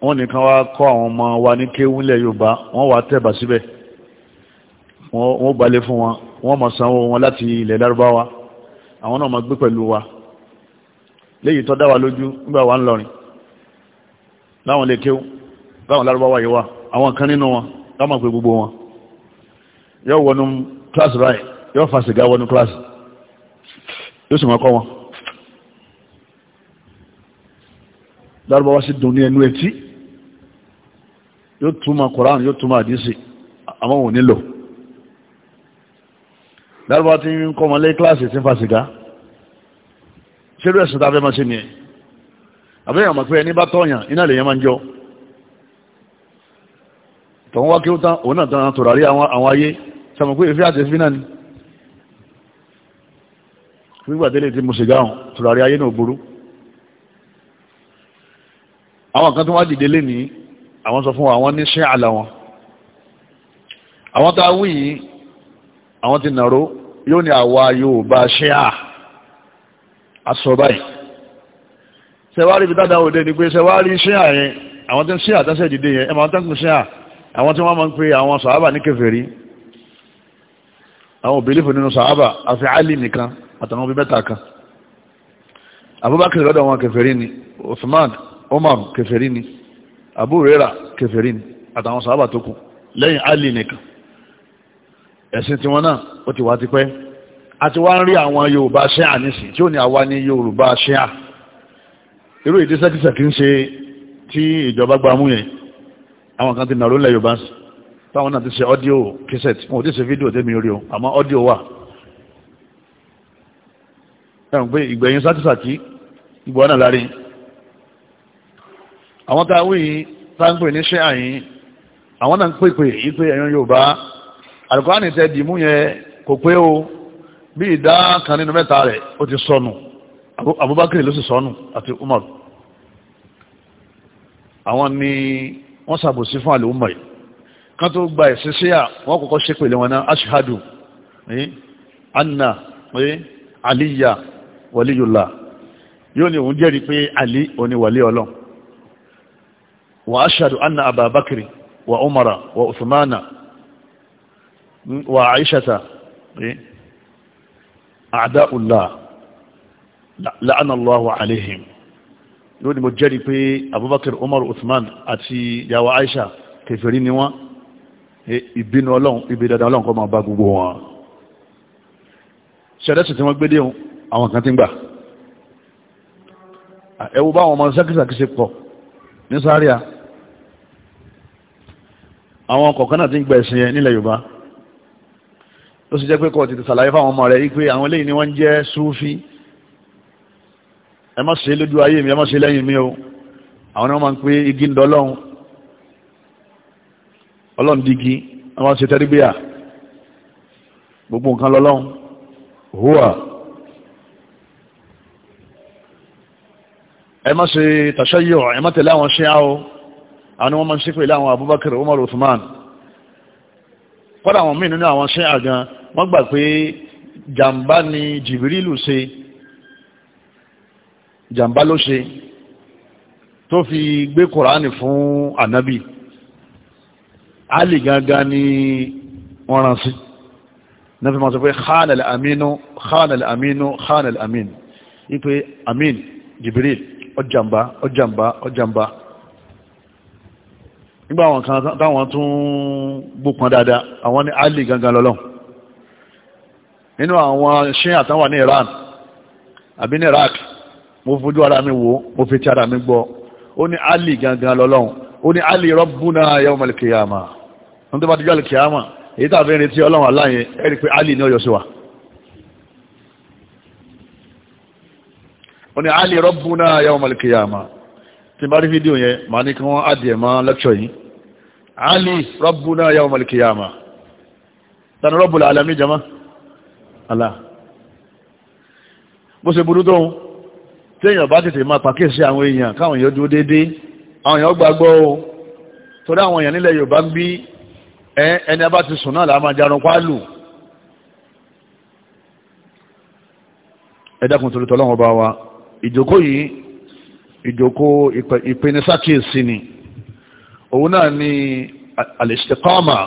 wọ́n nìkan wá kọ́ àwọn ọmọ wa ní kéwúlẹ̀ yorùbá wọ́n wá tẹ̀bà síbẹ̀ wọ́n gbalẹ̀ fún wọn wọ́n máa sanwó wọn láti ilẹ̀ lárúbáwá àwọn náà máa gbé pẹ̀lú wa léyìí tó dá wa lójú nígbà wà ń lọrin láwọn lè kéwú láwọn lárúbáwá yìí wà àwọn kan nínú wọn láwọn pè gbogbo wọn yóò wọnú kíláàsì báyìí yóò fa sìgá wọnú kíláàsì yóò sì máa kọ́ wọn. lárúbáwá sí dùn ní ẹnu etí yóò túmọ̀ koran yóò túmọ̀ àdísì àmọ́ wọn nílò lárúbáwá tí ń kọ́ ọmọlé kíláàsì tí ń fa sìgá ṣé ló ẹ̀sìn tá a fẹ́ máa ṣe nìyẹn àbẹ́yàn mọ̀ pé ẹni bá tọ̀yàn iná lèyàn máa ń jọ tọ̀hún wá kí ó tán òun náà tán tòràrí àwọn ayé sọmọ pé èéfì àti èéfì náà ni nígbà tẹ́lẹ̀ tí mo ṣègá hàn tòràrí ayé náà burú àwọn kan tó wá dìde lé ní àwọn sọ fún wa àwọn níṣẹ́ àlà wọn àwọn tá a wí yìí àwọn ti nàró yóò ní àwa yóò bá ṣe à aṣọ báyìí sẹwárí ibi dáadáa òde ni pé sẹwárí ṣe à yẹn àwọn tí ń ṣe àtẹ́sẹ̀ dìde yẹn ẹ máa tán kù ṣe à àwọn tí wọ́n máa ń pe àwọn sàábà ní kèfèrí àwọn òbílífò nínú sàábà àfi Àlì nìkan àtàwọn òbí mẹ́ta kan Abubakar lọ́dọ̀ wọn kèfèrí ni Usman Umar kèfèrí ni Abu Rera kèfèrí ni àtàwọn sàábà tó kù lẹ́yìn Ali nìkan ẹ̀sìn tiwọn náà ó ti wá ti pẹ́ a ti wá ń rí àwọn Yorùbá ṣẹ́à nísìn tí ó ní àwa ní Yorùbá ṣẹ́à irú ìdí sẹ́kìsẹ̀kì ń ṣe tí ìjọba gba mú yẹn àwọn kan ti nàró ńlẹ̀ Yorùbá sí táwọn náà ti ṣe ọ́díò kẹsẹ̀tì wọn ò ti ṣe fídíò tẹ́mi orí o àmọ́ ọ́díò wà ẹ̀rùn pé ìgbẹ̀yìn sákìsàkì ìgbọ́ láàrin àwọn tá a wí tá ń pè ní ṣẹ́ àyín àwọn náà ń pèpè yìí pé ẹ̀yàn Yorùbá àlùkòránì tẹ dìímú yẹn kò pé o bí ìdá kan nínú mẹ́ta rẹ̀ ó ti sọnù Abubakar ló sì sọnù àti Umar àwọn ni wọ́n ṣàbòsí fún àlè Umar kan tó gba ẹ̀sìn síyà wọ́n kọ́kọ́ ṣe pèlè wọn náà ashhadu eh, anna eh, aliya waliyullah yóò ní òun jẹ́rìí pé Ali oníwàlé ọlọ́run وأشهد أن أبا بكر وعمر وعثمان وعائشة أعداء الله لعن الله عليهم yóò ni mo بكر pé abubakar umar يا àti yàwó aisha kèfèrí ni wọ́n eh, ìbínú ọlọ́run ibi dada ọlọ́run kọ́ máa bá gbogbo wọn ṣẹ̀dẹ́sì tí wọ́n gbé déhùn àwọn kan ti ń gbà ẹwù báwọn ọmọ sákìsàkìsì pọ̀ ní sáríà àwọn kọ̀ọ̀kan náà ti ń gba ẹ̀sìn yẹn nílẹ̀ yorùbá ló sì jẹ́ pé kọ́ tètè sàlàyé fáwọn ọmọ rẹ̀ yìí pé àwọn eléyìí ni wọ́n ń jẹ́ súfí ẹ má ṣe lójú ayé mi ẹ má ṣe lẹ́yìn mi o àwọn ni wọ́n máa ń pé igi ń dọ́lọ́hun ọlọ́run digi wọ́n máa ń ṣe tẹ́rígbéyà gbogbo nǹkan lọ́lọ́hun hùwà ẹ má ṣe tàṣẹ́yọ̀ ẹ má tẹ̀lé àwọn ṣe o àwọn wọn máa ń ṣépè láwọn Abubakar Umar Uthman kọ́dà àwọn míì nínú àwọn ṣẹ́ àgan wọ́n gbà pé jàǹbá ni Jìbìrìlù ṣe jàǹbá ló ṣe tó fi gbé Kùránì fún ànábì Ali gangan ni wọ́n rán sí náà fi máa sọ pé khanal aminu khanal aminu khanal amin ipe amin Jìbìrìlù ọjàmbá ọjàmbá ọjàmbá nígbà àwọn kan táwọn tún gbópọn dáadáa àwọn ní Ali gangan lọ́lọ́ nínú àwọn ṣe àtàwà ní Iran àbí ní Iraq mo fojú ara mi wò mo fi ti ara mi gbọ́ ó ní Ali gangan lọ́lọ́ ó ní Ali Rabbuna yawm al-qiyamah wọ́n tó bá ti jọ́ al-qiyamah èyí tàbí ẹni tí ọlọ́run aláyẹn ẹ̀rí pé Ali ní ọyọ́ sí wa ó ní Ali Rabbuna yawm al-qiyamah tí bá rí fídíò yẹn màá ní kí wọ́n adìẹ̀ mọ́ lẹ́kṣọ̀ yìí ali rabbuna yawmal qiyamah tani rabbul alamin jama Allah bó ṣe burú tóun tí èèyàn bá tètè máa pàkíyèsí àwọn èèyàn káwọn èèyàn dúró déédéé àwọn èèyàn gbàgbọ́ o torí àwọn èèyàn nílẹ̀ Yorùbá ń bí ẹni abá ti sùn náà làá máa jarun pálù ẹ̀dàkùn torítọ́ lọ́wọ́ bá wa ìjókòó yìí ìjókòó ìpenisákèésí ni òun náà ni al-istiqama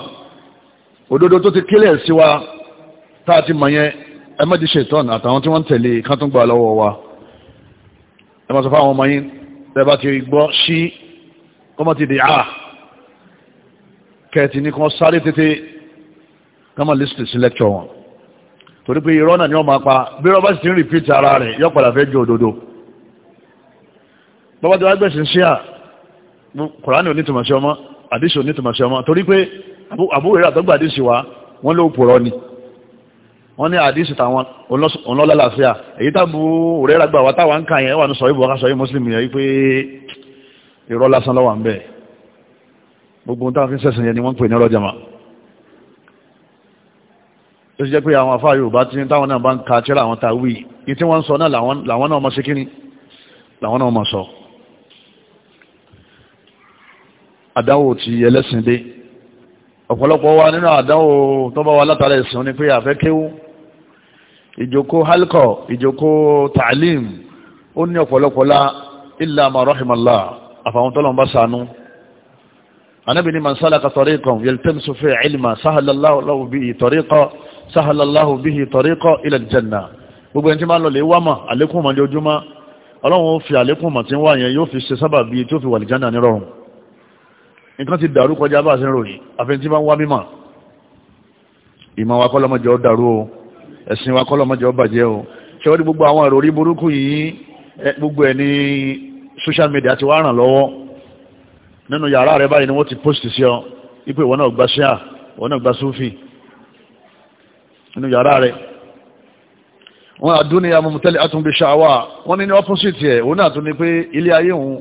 òdodo tó ti kílẹ̀ sí wa tá a ti mọ̀ yẹn ẹ má di ṣètọ́n àtàwọn tí wọ́n ń tẹ̀lé kán tó ń gbà lọ́wọ́ wa ẹ má sọ fáwọn ọmọ yín tẹ́ ti gbọ́ sí kọ́mọ ti di a kẹ́ẹ̀tì ní kan sáré tètè kọ́mọ lẹ́sìtì sí lẹ́kṣọ̀ wọn torí pé irọ́ náà ni wọ́n máa pa bí wọ́n bá sì ti ń rìpíìtì ara rẹ̀ yọ padà fẹ́ ju òdodo bọ́bá ti wá gbẹ̀sìn sí à kùránì onítùmọ̀sí ọmọ àdíṣì onítùmọ̀sí ọmọ torí pé àbúrò àtọ́gbà àdíṣì wa wọ́n ló pòrọ ni wọ́n ní àdíṣì táwọn ọlọ́lálàáfíà èyí tábù òrẹ́ ràgbà wa táwọn ń kà yẹn wà ní sọ ìbò akásọ yìí mùsùlùmí yẹn pé irọ́ lásán lọ́wọ́ ń bẹ̀ gbogbo táwọn fi ń sẹ̀sìn yẹn ni wọ́n ń pè ní ọlọ́jàmá ó sì jẹ́ pé àwọn afá Yorùbá tí táwọn náà bá ń ka tíra àwọn tàwí ní tí wọ́n ń sọ náà làwọn náà mọ̀ sí kíní làwọn náà mọ̀ sọ àdáwò ti ẹlẹ́sìn dé ọ̀pọ̀lọpọ̀ wa nínú àdáwò tó bá wa látara ẹ̀sìn ni pé àfẹ́ kéwú ìjókòó halkọ̀ ìjókòó tààlim ó ní ọ̀pọ̀lọpọ̀ lá illa ma rahimallah àfàwọn tọ́lọ̀ ń bá sànú anábì ní man salaka tariqan yaltamisu fihi ilma sahalallahu lahu bihi tariqa sahalallahu bihi tariqa ila aljanna gbogbo ẹni tí máa ń lọ lè wá mà àlékún mà ọlọ́run fi àlékún tí ń wá yẹn yóò fi ṣe sábà bíi tó fi wà lìjánà nírọ̀rùn nǹkan ti dàrú kọjá bá ṣe ń ròyìn àfihàn tí máa ń wá mímọ̀ ìmọ̀ wa kọ́lọ́mọjẹ́ ó dàrú o ẹ̀sìn wa kọ́lọ́mọjẹ́ bàjẹ́ o ṣé ní gbogbo àwọn àròrí burúkú yìí gbogbo ẹ̀ ní social media ti wá ràn lọ́wọ́ nínú yàrá rẹ báyìí ni wọ́n ti post sí ọ ipò ìwọ náà gba ṣíà ìwọ náà gba súfì nínú yàrá rẹ wọ́n àdúnìyà mọ̀mọ́tẹ́lẹ̀ àtúnbí ṣàwà wọ́n ní ní opposite ẹ̀ òun náà tún ní pé ilé ayé òun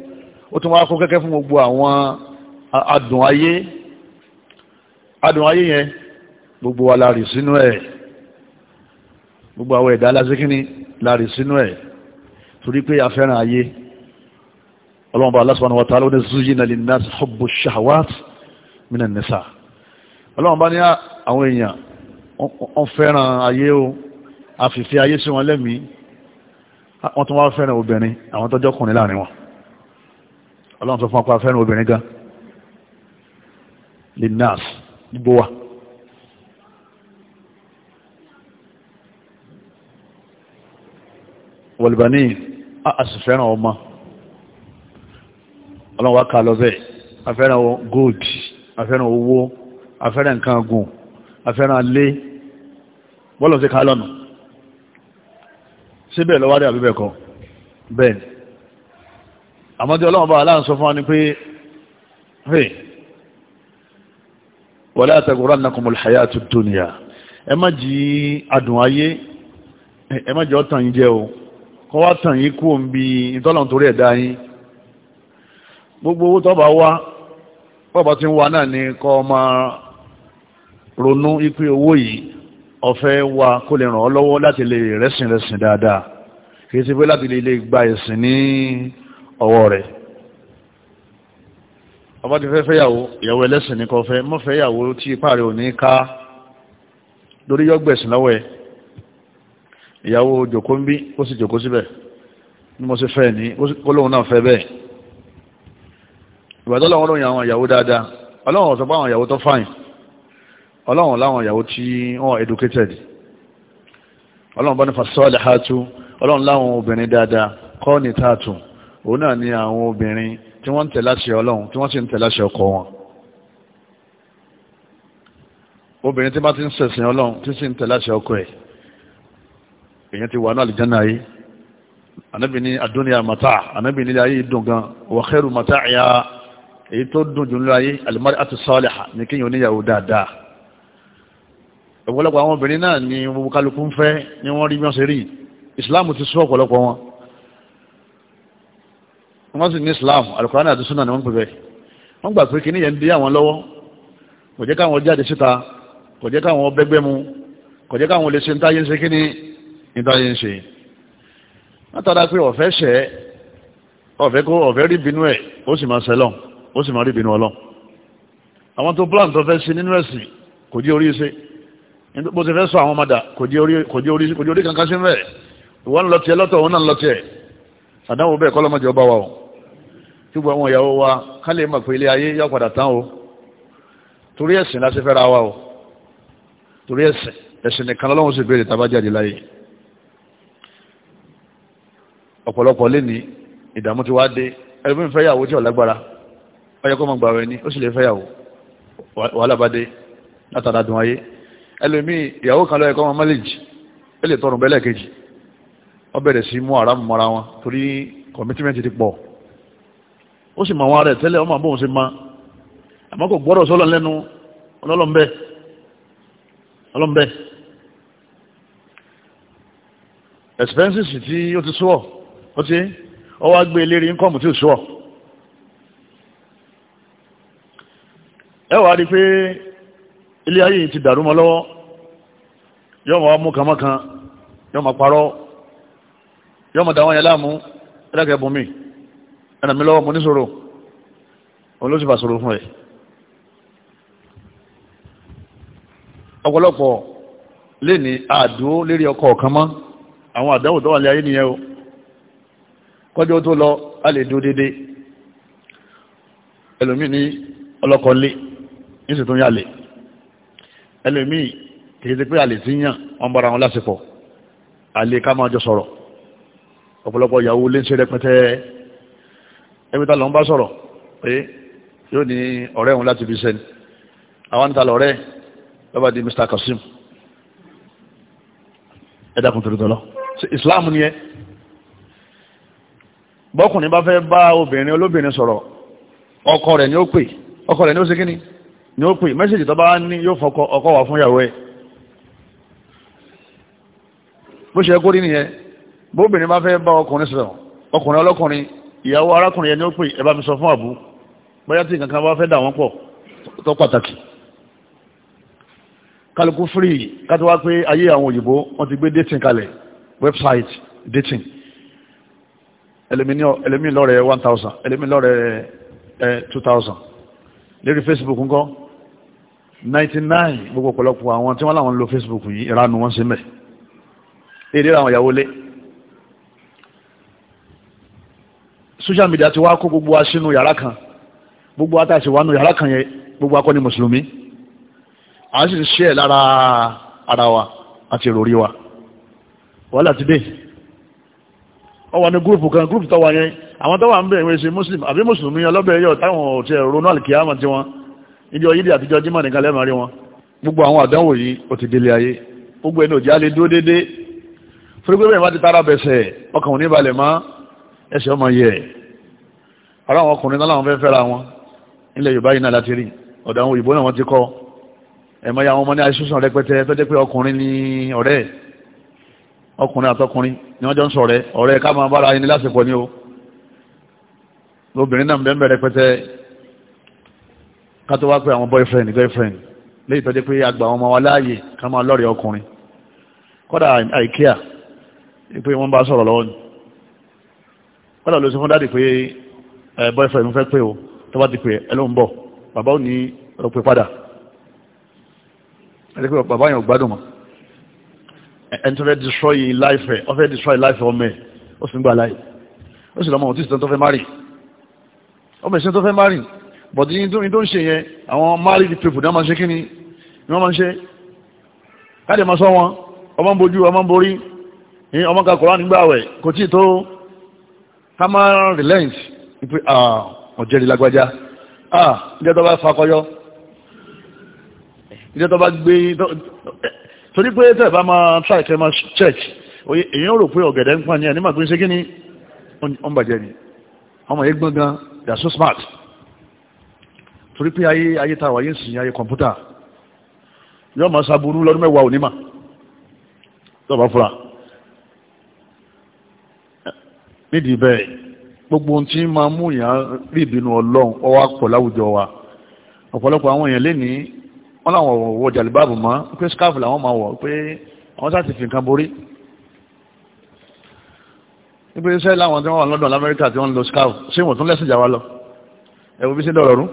ó tún wá kó kẹ́kẹ́ fún gbogbo àwọn adùn ayé adùn ayé yẹn gbogbo wa láàrin sínú ẹ̀ gbogbo àwọn ẹ̀dá aláṣẹ́kíní láàrin sínú ẹ̀ torí pé a fẹ́ràn ayé ọlọ́mọba Allah subhanahu wa ta'ala ní zuyyina linnasi hubbu shahawat minan nisa ọlọ́mọba ní ah, àwọn èèyàn wọ́n fẹ́ràn ayé o àfìfẹ́ ayé sí wọn lẹ́mìí wọ́n tún wá fẹ́ràn obìnrin àwọn tọ́jọ́kùnrin láàrin wọn ọlọ́run fún ọpá fẹ́ràn obìnrin gan-an linnas níbo wa. wọlbani asifẹ́ràn ọmọ ọlọ́run wa kà lọ bẹ́ẹ̀ afẹ́ràn gold afẹ́ràn owó afẹ́ràn nǹkan gùn afẹ́ràn lé bọ́ọ̀lù sí ká lọ́nà síbẹ̀ lọ́wọ́ dé àbíbẹ̀ kọ bẹ́ẹ̀ àmọ́jọ́ ọlọ́run bá aláǹsọ fún wa ni pé wala taghrannakumul hayatud dunya ẹ má jí adùn ayé ẹ má jẹ́ ọ̀tàn yín jẹ́ o kọ́ wá tàn yín kú òun bí ìtọ́lọ̀ torí ẹ̀dá yín gbogbo owó tọ́ba wá bọ́ọ̀bá ti ń wá náà ni kọ́ ọmọ ronú ipe owó yìí ọ̀fẹ́ wa kó lè ràn ọ́ lọ́wọ́ láti lè rẹ́sìn rẹ́sìn dáadáa kì í ti pé láti lè gba ẹ̀sìn ní ọwọ́ rẹ̀ ọba ti fẹ́ fẹ́yàwó ìyàwó ẹlẹ́sìn ní kò fẹ́ mọ́ fẹ́yàwó tí ipá rẹ̀ ò ní ká lórí yọ́gbẹ̀sìn lọ́wọ́ ẹ̀ ìyàwó jòkó ń bí ó sì jòkó síbẹ̀ ní mo sì fẹ́ ní kólóhùn náà fẹ́ bẹ́ẹ̀ ìbàdàn làwọn olóyìn àwọn ìyàwó dáadáa ọlọ́run ọ̀sọ́ bá àwọn ìyàwó tó fàyìn ọlọ́run láwọn ìyàwó tí wọ́n educated ọlọ́run bá ní fasọ́ọ̀lẹ̀ hátú ọlọ́run láwọn obìnrin dáadáa kọ́ ní tààtù òun náà ní àwọn obìnrin tí wọ́n ń tẹ̀ láṣẹ ọlọ́run tí wọ́n sì ń tẹ̀ láṣẹ ọkọ wọn obìnrin tí bá ti ń ṣẹ̀sìn ọlọ́run tí sì ń tẹ̀ láṣẹ ọkọ ẹ̀ èyàn ti wà ní àlìjánà yìí anábì ní adúnìyà mata anábì nílé ayé dùn gan wà khairu mata ya èyí tó dùn jù nílé ayé alimari àti saliha ní kíyàn oníyàwó dáadáa ọ̀pọ̀lọpọ̀ àwọn obìnrin náà ni kálukú ń fẹ́ ni wọ́n rí bí wọ́n ṣe rí ìsìláàmù ti sọ ọ̀pọ̀lọpọ̀ wọn wọ́n sì ní islam alukurani àti sunnah ni wọ́n ń pè bẹ́ẹ̀ wọ́n gbà pé kíní yẹn ń dí àwọn lọ́wọ́ kò jẹ́ káwọn jáde síta kò jẹ́ káwọn bẹ́gbẹ́ mu kò jẹ́ káwọn lè ṣe ntáyé ń ṣe kíní ntáyé ń ṣe látara pé ọ̀fẹ́ ṣẹ́ ọ̀fẹ́ kó ọ̀fẹ́ rí bínú ẹ̀ ó sì máa ṣẹlọ̀ ó sì máa rí bínú ọlọ́ àwọn tó plan tó fẹ́ ṣe nínú ẹ̀sìn kò dí orí ṣe bó ti fẹ́ sọ àwọn ọmọdà kò dí orí kankan sí mẹ́ẹ̀ ìwọ́n lọ tiẹ̀ lọ́tọ̀ òun náà lọ tiẹ̀ àdáwò bẹ́ẹ̀ kọ́lọ́mọdé ọba wa o kí gbogbo àwọn ìyàwó wa kán lè mọ̀ pé ilé ayé yọ padà tán o torí ẹ̀sìn la ṣe fẹ́ ra wa o torí ẹ̀sìn ẹ̀sìn nìkan lọ́wọ́ sì béèrè tàbá jáde láyé ọ̀pọ̀lọpọ̀ lé ní ìdààmú tí wá dé ẹlòmíì fẹ́yàwó tí ọ̀lágbára ọyọ kọ́ mọ̀ gbà rẹ̀ ní ó sì lè fẹ́yàwó wàhálà bá dé látara dùn ayé ẹlòmíì ìyàwó kan lọ́yẹ kọ́ mọ̀ mọ́lẹ́jì ẹ lè tọrùn bẹ́lẹ̀ kejì ó bẹ̀rẹ̀ sí mú àrà mọ́ra wọn torí kọ̀mítímẹ́ǹtì ti pọ̀ ó sì mọ àwọn ará tẹ́lẹ̀ ọmọ àbóhùn sí ma àmọ́ kò gbọ́dọ̀ sọ́lọ̀ lẹ́nu ọlọ́lọ́mbẹ́ ọlọ́mbẹ́ expenses tí ó ti sọ́ọ̀ ó ti ọwọ́ agbé eléré income tí ó sọ́ọ̀ ẹ wàá rí i pé ilé ayé ti dàrú mọ́ lọ́wọ́ yóò máa mú kàmákan yóò máa parọ́ yóò máa dàwọn yẹn láàmú ẹlẹ́kẹ̀ẹ́ bùnmí ẹ̀nà mi lọ́wọ́ mo níṣòro òun ló sì fà ṣòro fún ẹ̀ ọ̀pọ̀lọpọ̀ lè ní àdúró lérí ọkọ̀ ọ̀kan mọ́ àwọn àdáwò tó wà ní ayé nìyẹn o kọjọ́ tó lọ a lè dúró dédé ẹlòmíì ní ọlọ́kọ̀ lé ní sì tó yà lè ẹlòmíì kìí ti pé àlè sí yàn wọn bára wọn lásìkò àlè ká máa jọ sọ̀rọ̀ ọ̀pọ̀lọpọ̀ ìyàwó lé ń ṣe rẹpẹtẹ ẹbí ta lọ ń bá sọ̀rọ̀ pé yóò ní ọ̀rẹ́ òun láti fi sẹ́ni àwọn níta lọ̀rẹ́ lọ́ba di Mr. Kasim ẹ̀dá kun tòlótọ́ lọ Islam ni ẹ bọ́kùnrin bá fẹ́ bá obìnrin olóbìnrin sọ̀rọ̀ ọkọ rẹ̀ ni ó pè ọkọ rẹ̀ ni ó ṣe kíni ni ó pè mẹ́sẹ̀jì tó bá ní yóò fọkọ ọkọ wà fún ìyàwó ẹ̀ bó ṣe kórí nìyẹn bóbìnrin bá fẹ́ bá ọkùnrin sọ̀rọ̀ ọkùnrin ọlọ́kùnrin ìyàwó arákùnrin yẹn ni ó pè ẹ bá mi sọ fún àbú bóyá tí kankan bá fẹ́ dà wọ́n pọ̀ tó pàtàkì kálukú free kátó wá pé ayé àwọn òyìnbó wọ́n ti gbé dating kalẹ̀ website dating ẹlẹ́mí lọ́rẹ̀ one thousand ẹlẹ́mí lọ́rẹ̀ two thousand lérí facebook ńkọ́ ninety nine gbogbo ọ̀pọ̀lọpọ̀ àwọn tí wọ́n láwọn lo facebook yìí ìranu wọn sí mẹ́ èdè àwọn ìyàwó lé social media ti wá kó gbogbo wa sínú yàrá kan gbogbo wa tá a sì wá nù yàrá kan yẹn gbogbo akọni mùsùlùmí a sì ń ṣe ẹ̀ lára ara wa àti ìròrí wa wàhálà ti dé ọ wà ní gúrùpù kan gúrùpù tó wà yẹn àwọn tó wà ń bẹ̀ ìwé ṣe muslim àbí mùsùlùmí ọlọ́bẹ̀ yọ táwọn ọ̀tẹ̀ ronú àlìkíyàmà tí wọ́n ìjọ yídì àtijọ́ jímọ̀ nìkan lẹ́mọ̀ rí wọn gbogbo àwọn àdánwò yìí ó ti délé ayé gbogbo ẹni òjá lè dúró déédéé fúrúgbẹ́bẹ̀ ìwádìí tára bẹ̀sẹ̀ ọkàn ò balẹ̀ mọ́ ẹsẹ̀ ọmọ yẹ ẹ̀ ara àwọn ọkùnrin náà làwọn fẹ́ fẹ́ra wọn nílẹ̀ yorùbá yìí náà láti rí ọ̀dọ̀ àwọn òyìnbó náà wọ́n ti kọ́ ẹ̀mọ ya àwọn ọmọ ní àìsùsùn rẹpẹtẹ tó jẹ́ pé ọkùnrin ní ọ̀rẹ́ ọkùnrin àtọkùnrin ni wọ́n jọ ń sọ̀rẹ́ ọ̀rẹ́ ká máa bára ẹni lásìkò ni o lóbìnrin náà bẹ́ẹ̀ rẹpẹtẹ ká tó wá pé àwọn boyfriend girlfriend léyìí tó jẹ́ pé àgbà àwọn ọmọ wa láàyè ká máa lọ́rẹ̀ẹ́ ọkùnrin kódà àìkíà pé wọ́n bá sọ̀rọ̀ lọ́wọ́ ni kọ́lá ló sọ fún dáàdì pé ẹ boyfriend ń fẹ́ pé o tó bá ti pè ẹ ló ń bọ̀ bàbá ò ní ọ̀pẹ padà ẹ pé bàbá yẹn ò gbádùn mọ́ ẹni tó fẹ́ destroy life ẹ ọ fẹ́ destroy life ọmọ ẹ ó sì ń gbà láyé ó sì lọ́mọ òtítì tó fẹ́ márì ọmọ ìṣẹ́ tó fẹ́ márì bọ̀dí ní tó ń ṣe yẹn àwọn married people náà máa ń ṣe kí ni ni wọ́n máa ń ṣe káàdì ká máa relent wípé ah, ọ̀jẹ̀rì lágbájá ìjọ ah, tó bá fakọyọ ìjọ tó bá gbé torí pé tẹ́ bá máa try kẹ́ máa check oye èyàn rò pé ọ̀gẹ̀dẹ̀ ń pa ní ẹ̀nímà pín sí kí ni wọ́n bàjẹ́ ni ọmọ yìí gbọ́ngàn they are so smart torí pé ayé ayé ta wáyé sí ayé kọ̀mpútà yọ́ máa sa burú lọ́dún mẹ́wàá onímà tó bá fura nídìí bẹ́ẹ̀ gbogbo ohun tí máa mú yàn rí ìbínú ọlọ́run ọwọ́ pọ̀ láwùjọ wa ọ̀pọ̀lọpọ̀ àwọn èèyàn lé ní wọ́n làwọn wọ jàlúbáàbù mọ́ pé scarf làwọn máa wọ̀ pé àwọn sáà ti fi nǹkan borí nígbà iṣẹ́ láwọn tí wọ́n wà lọ́dọ̀ lamẹ́ríkà tí wọ́n lo scarf ṣé wọ́n tún lẹ́sìn jà wá lọ ẹ̀wọ̀n bí sí dọ̀rọ̀ rú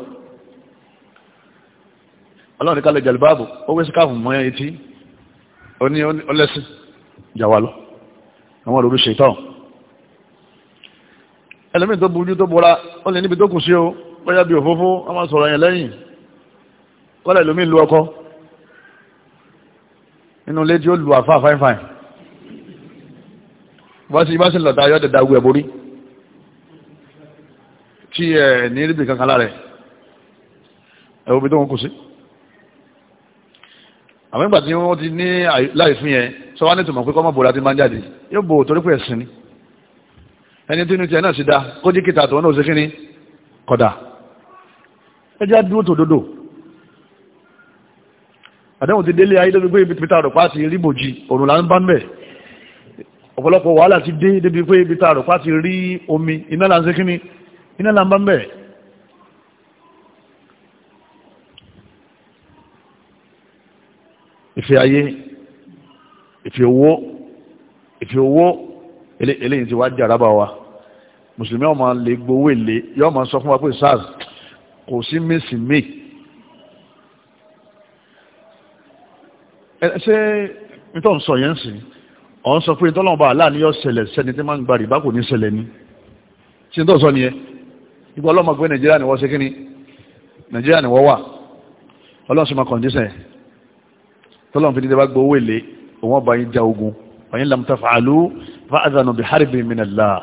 ọlọ́run ní kálẹ̀ jàlúbáàbù ó wé scarf mọ́ etí ó ní ọlẹ́sìn jà wá lọ àwọn olórí ṣètọ́ọ̀ ẹlẹ́mì tó bujú tó bọ́ra ó lè níbi tó kù sí o bóyá bí òfófó wọ́n máa sọ̀rọ̀ yẹn lẹ́yìn kọ́lẹ̀ lómi lu ọkọ nínú ilé tí ó lu àfáà fáìfáì bá sì bá sì lọ̀tà ayọ́ dẹ̀dà awu ẹ̀borí tí ẹ̀ ní ríbi kankan lára ẹ̀ ẹ̀wọ́ bí tó ń kù sí àwọn ìgbà tí wọ́n ti ní láìfín yẹn sọ wá nítorí pé kọ́mọ̀ bòrò àti máa jáde yóò bò torí pé ẹ̀sìn ni ẹni tí inú tiẹ̀ náà sì dá kó jí kìtà tòun náà ṣe kíní kọ̀dà ẹ jẹ́ dúró tòdodo àdéhùn ti délé ayé débi pé ibi tá a rò pa ti rí bòjì òrùn là ń bá ń bẹ̀ ọ̀pọ̀lọpọ̀ wàhálà ti dé débi pé ibi tá a rò pa ti rí omi iná là ń ṣe kíní iná là ń bá ń bẹ̀ ìfẹ́ ayé ìfẹ́ owó ìfẹ́ owó eléyìí ti wá jàrábà wa mùsùlùmí ọmọ lè gbowó èlé yóò máa sọ fún wa pé sars kò sí mèsì mé ṣé nítorí ń sọ yẹn sìn ọ̀ ń sọ pé nítorí ọba aláàánú yóò ṣẹlẹ̀ sẹ́ni tí máa ń gba rìbá kò ní ṣẹlẹ̀ ni ṣé nítorí sọ nìyẹn ìgbà ọlọ́mọ pé nàìjíríà ni wọ́n ṣe kíni nàìjíríà ni wọ́n wà ọlọ́run sì máa kọ̀ǹdíṣẹ̀ tọ́lọ́run fi ní ti bá gbowó èlé òun ọba yín ja ogun ọ̀yìn lam taf'alu fa'adhanu bi harbin min Allah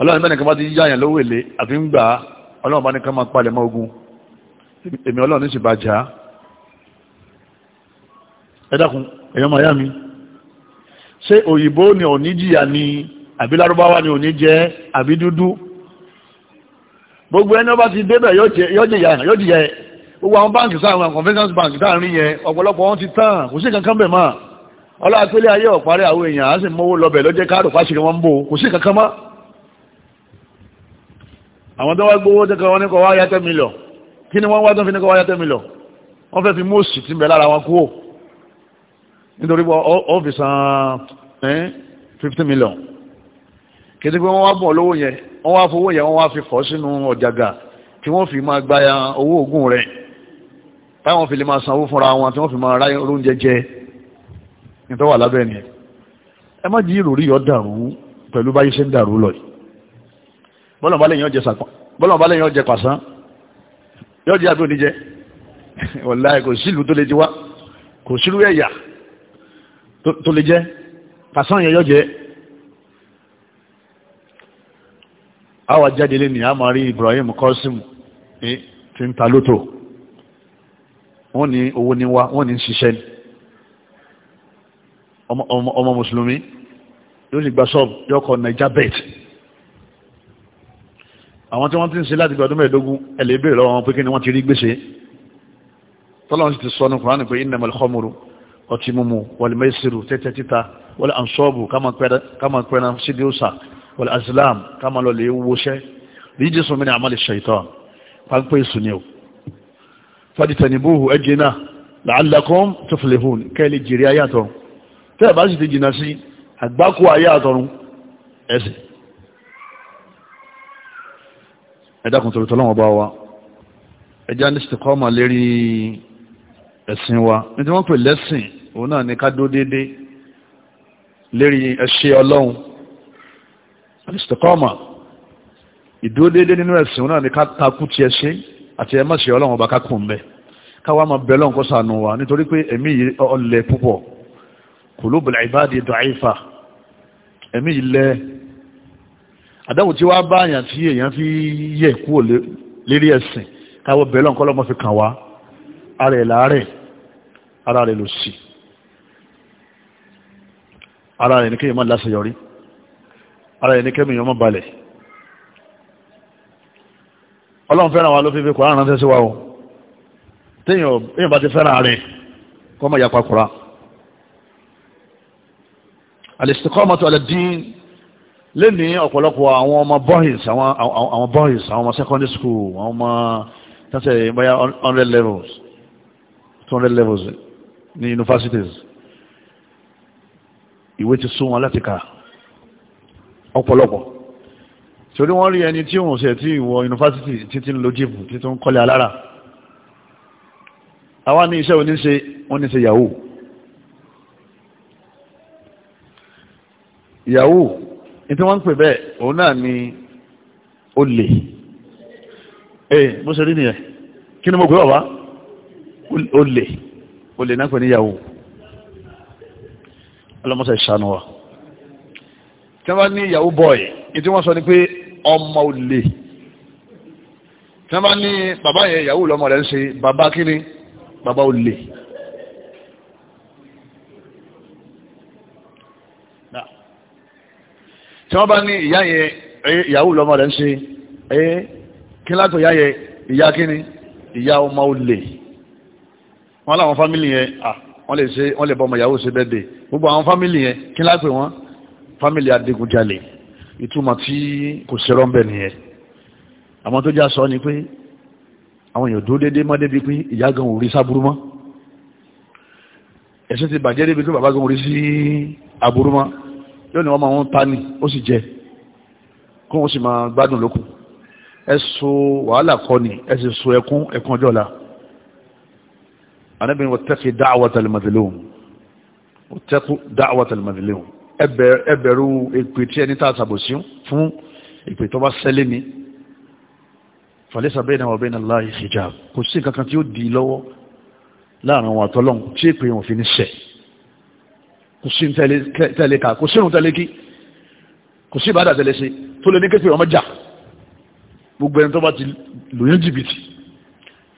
ọlọ́run mẹ́rin kan bá ti yáyàn lówó èlé àfi ń gbà ọlọ́run bá ní ká máa palẹ̀ mọ́ ogun èmi ọlọ́run ní sì bá jà ẹ dákun èèyàn máa yá mi ṣé òyìnbó ni òní jìyà ni àbí lárúbáwá ni òní jẹ́ àbí dúdú gbogbo ẹni ọba ti débẹ̀ yóò jìyà yóò jìyà gbogbo àwọn báńkì sáà àwọn convention bank dáàrin yẹn ọ̀pọ̀lọpọ̀ wọn ti tán kò sí kankan bẹ̀ máa ọlọ́àtúlé ayé ọ̀parí àwọn èèyàn á sì mówó lọ́bẹ̀ lọ́jẹ́ káàrù fásitì wọn bò kò sí kankan mọ́ àwọn tó wá gbówó tẹ́kọ̀ wọn ní kọ́ wá yàtẹ́ mílọ̀ kí ni wọ́n wá tó fi ní kọ́ wá yàtẹ́ mílọ̀ wọ́n fẹ́ fi mọ́ọ̀sì ti bẹ̀ lára wọn kúò nítorí ó fi san fifty million kí ni pé wọ́n wá bọ̀ lówó yẹn wọ́n wá fowó yẹn wọ́n wá fi kọ́ sínú ọ̀jàgà tí wọ́n fi máa gba owó ògùn rẹ̀ táwọn fi lè máa sanwó fúnra wọn tí wọ́n fi máa ráyé oúnjẹ jẹ nítọ́ wà lábẹ́ ni ẹ má jí ìròrí yọ dàrú pẹ̀lú báyìí ṣe ń dàrú lọ yìí bọ́lọ̀ bá lẹ́yìn ọjẹ́ pàṣán yọ jẹ́ àbí oníjẹ́ wọ̀lá kò sílùú tó lè wá kò sílùú ẹ̀yà tó lè jẹ́ pàṣán yẹn yọ jẹ́ jáde Ibrahim Kọ́sìm ní eh, tí ń ta wọ́n ní owó ní wá wọ́n ní ọmọ mùsùlùmí yóò sì gba sọ́ọ̀bù yóò kọ naija bet àwọn tí wọ́n ti ń ṣe láti gba ọdún mẹ́ẹ̀ẹ́dógún ẹ̀lẹ́ ìbéèrè lọ́wọ́ wọn pé kí ni wọ́n ti rí gbèsè tọ́lọ́run sì ti sọ ní kùránì pé innamal khamru ọtí mímu wal maisiru tẹ́tẹ́ títa wal ansabu káma pẹ́ran sídíọ́sà wal azlam káma lọ lè wọṣẹ́ ríjì sọmi ní àmàlẹ̀ shaitan pàǹpẹ́ ìsúnyẹ́ o fàdìtàníbùhù ẹ̀jẹ̀ náà la'allakum tuflihun kẹ́lẹ̀ jìrì ayàtọ̀ tẹ́ ẹ̀ bá sì ti jìnnà sí àgbákò ayé àtọ̀run ẹ̀sìn ẹ̀dàkùn tòrò tọ́lọ́wọ́ bá wa ẹjá ní ṣìkọ́mà lérí ẹ̀sìn wa ní tí wọ́n pè lẹ́sìn òun náà ní ká dó déédéé lérí ẹ̀ṣẹ̀ ọlọ́run ṣìkọ́mà ìdó déédéé nínú ẹ̀sìn òun náà ní ká takú ti ẹ̀ṣẹ̀ àti ẹ̀mọ́ṣẹ̀ ọlọ́run ọba kákùn bẹ́ẹ̀ káwá máa bẹ̀ lọ́nkọ́sànù wa nítorí pé ẹ̀mí yìí ọlẹ̀ púpọ̀ kulubul ibadi da'ifa ẹ̀mí ilẹ̀ àdáwò tí wá bá àyàn tí èèyàn fi yẹ kúrò lérí ẹ̀sìn káwọ́ bẹ̀rẹ̀ ọ̀kọ́ lọ́mọ fi kàn wá ara ẹ̀ láàrẹ̀ ara rẹ̀ lò sí ara rẹ̀ ní kéèyàn má láṣeyọrí ara rẹ̀ ní kéèyàn má balẹ̀ ọlọ́run fẹ́ràn wa ló fi fi kọ́ra ránṣẹ́ sí wa o téèyàn bá ti fẹ́ràn rẹ̀ kọ́ mọ̀ yapa kọ́ra al-istiqamatu ala din lẹ́ni ọ̀pọ̀lọpọ̀ àwọn ọmọ boys àwọn boys àwọn ọmọ secondary school àwọn ọmọ tẹ́sẹ̀ bóyá hundred levels two hundred levels ní universities ìwé ti sún wọn láti kà ọ̀pọ̀lọpọ̀ torí wọ́n rí ẹni tí òun ṣe tí ìwọ yunifásitì títí ń lo jíìpù títí ń kọ́lé alára àwa ní iṣẹ́ oníṣe wọ́n ní ṣe yahoo ìyàwó ní tí wọ́n ń pè bẹ́ẹ̀ òun náà ni olè ee eh, mo ṣe rí nìyẹn kí ni mo pè ọ̀wá olè olè náà pè ní ìyàwó ọlọ́mọṣẹ́ ìṣàánú wa tí wọ́n ní ìyàwó bọ́ọ̀yì ní tí wọ́n sọ ni pé ọmọ olè tí wọ́n bá ní bàbá yẹn ìyàwó lọ́mọ rẹ̀ ń ṣe bàbá kíní bàbá olè. tí wọ́n bá ní ìyá yẹn ìyàwó lọ́mọ rẹ̀ ń ṣe ẹ́ kí látò ìyá yẹn ìyá kíni ìyá ọmọ olè wọ́n láwọn fámílì yẹn à wọ́n lè ṣe wọ́n lè bọ́ ọmọ ìyàwó ṣe bẹ́ẹ̀dẹ̀ gbogbo àwọn fámílì yẹn kí látò wọn fámílì adigunjalè ìtumọ̀ tí kò ṣerọ́ ń bẹ̀ nìyẹn àmọ́ tó já sọ ni pé àwọn èèyàn dúró déédéé mọ́ débi pé ìyá gan ò rí sábúrú mọ́ ẹ̀sìn ti bàjẹ́ débi pé bàbá gan ò rí sí aburú mọ́ yóò ní wọ́n máa ń ta ni ó sì jẹ kó wọ́n sì máa gbádùn lókun ẹ so wàhálà kọ́ ni ẹ sì so ẹkún ẹkún ọjọ́ la anábìnrin wattaqi da'watal madhlum wattaqu da'watal madhlum ẹ bẹ̀rù èpè tí ẹni tá a sàbòsí fún èpè tó bá sẹ́lé ni falẹ́sà bẹ́ẹ̀ náà wà bẹ́ẹ̀ náà láàyè hijab kò sí nǹkan kan tí ó di lọ́wọ́ láàrin àwọn àtọ́lọ́hún tí èpè wọn fi ní sẹ́ẹ̀ kò sí tẹ́lẹ̀ ká kò sírun tẹ́lẹ̀ kí kò sí ìbádà tẹ́lẹ̀ sí tó lè ní kéfì ọmọ jà gbogbo ẹni tó bá ti lòyún jìbìtì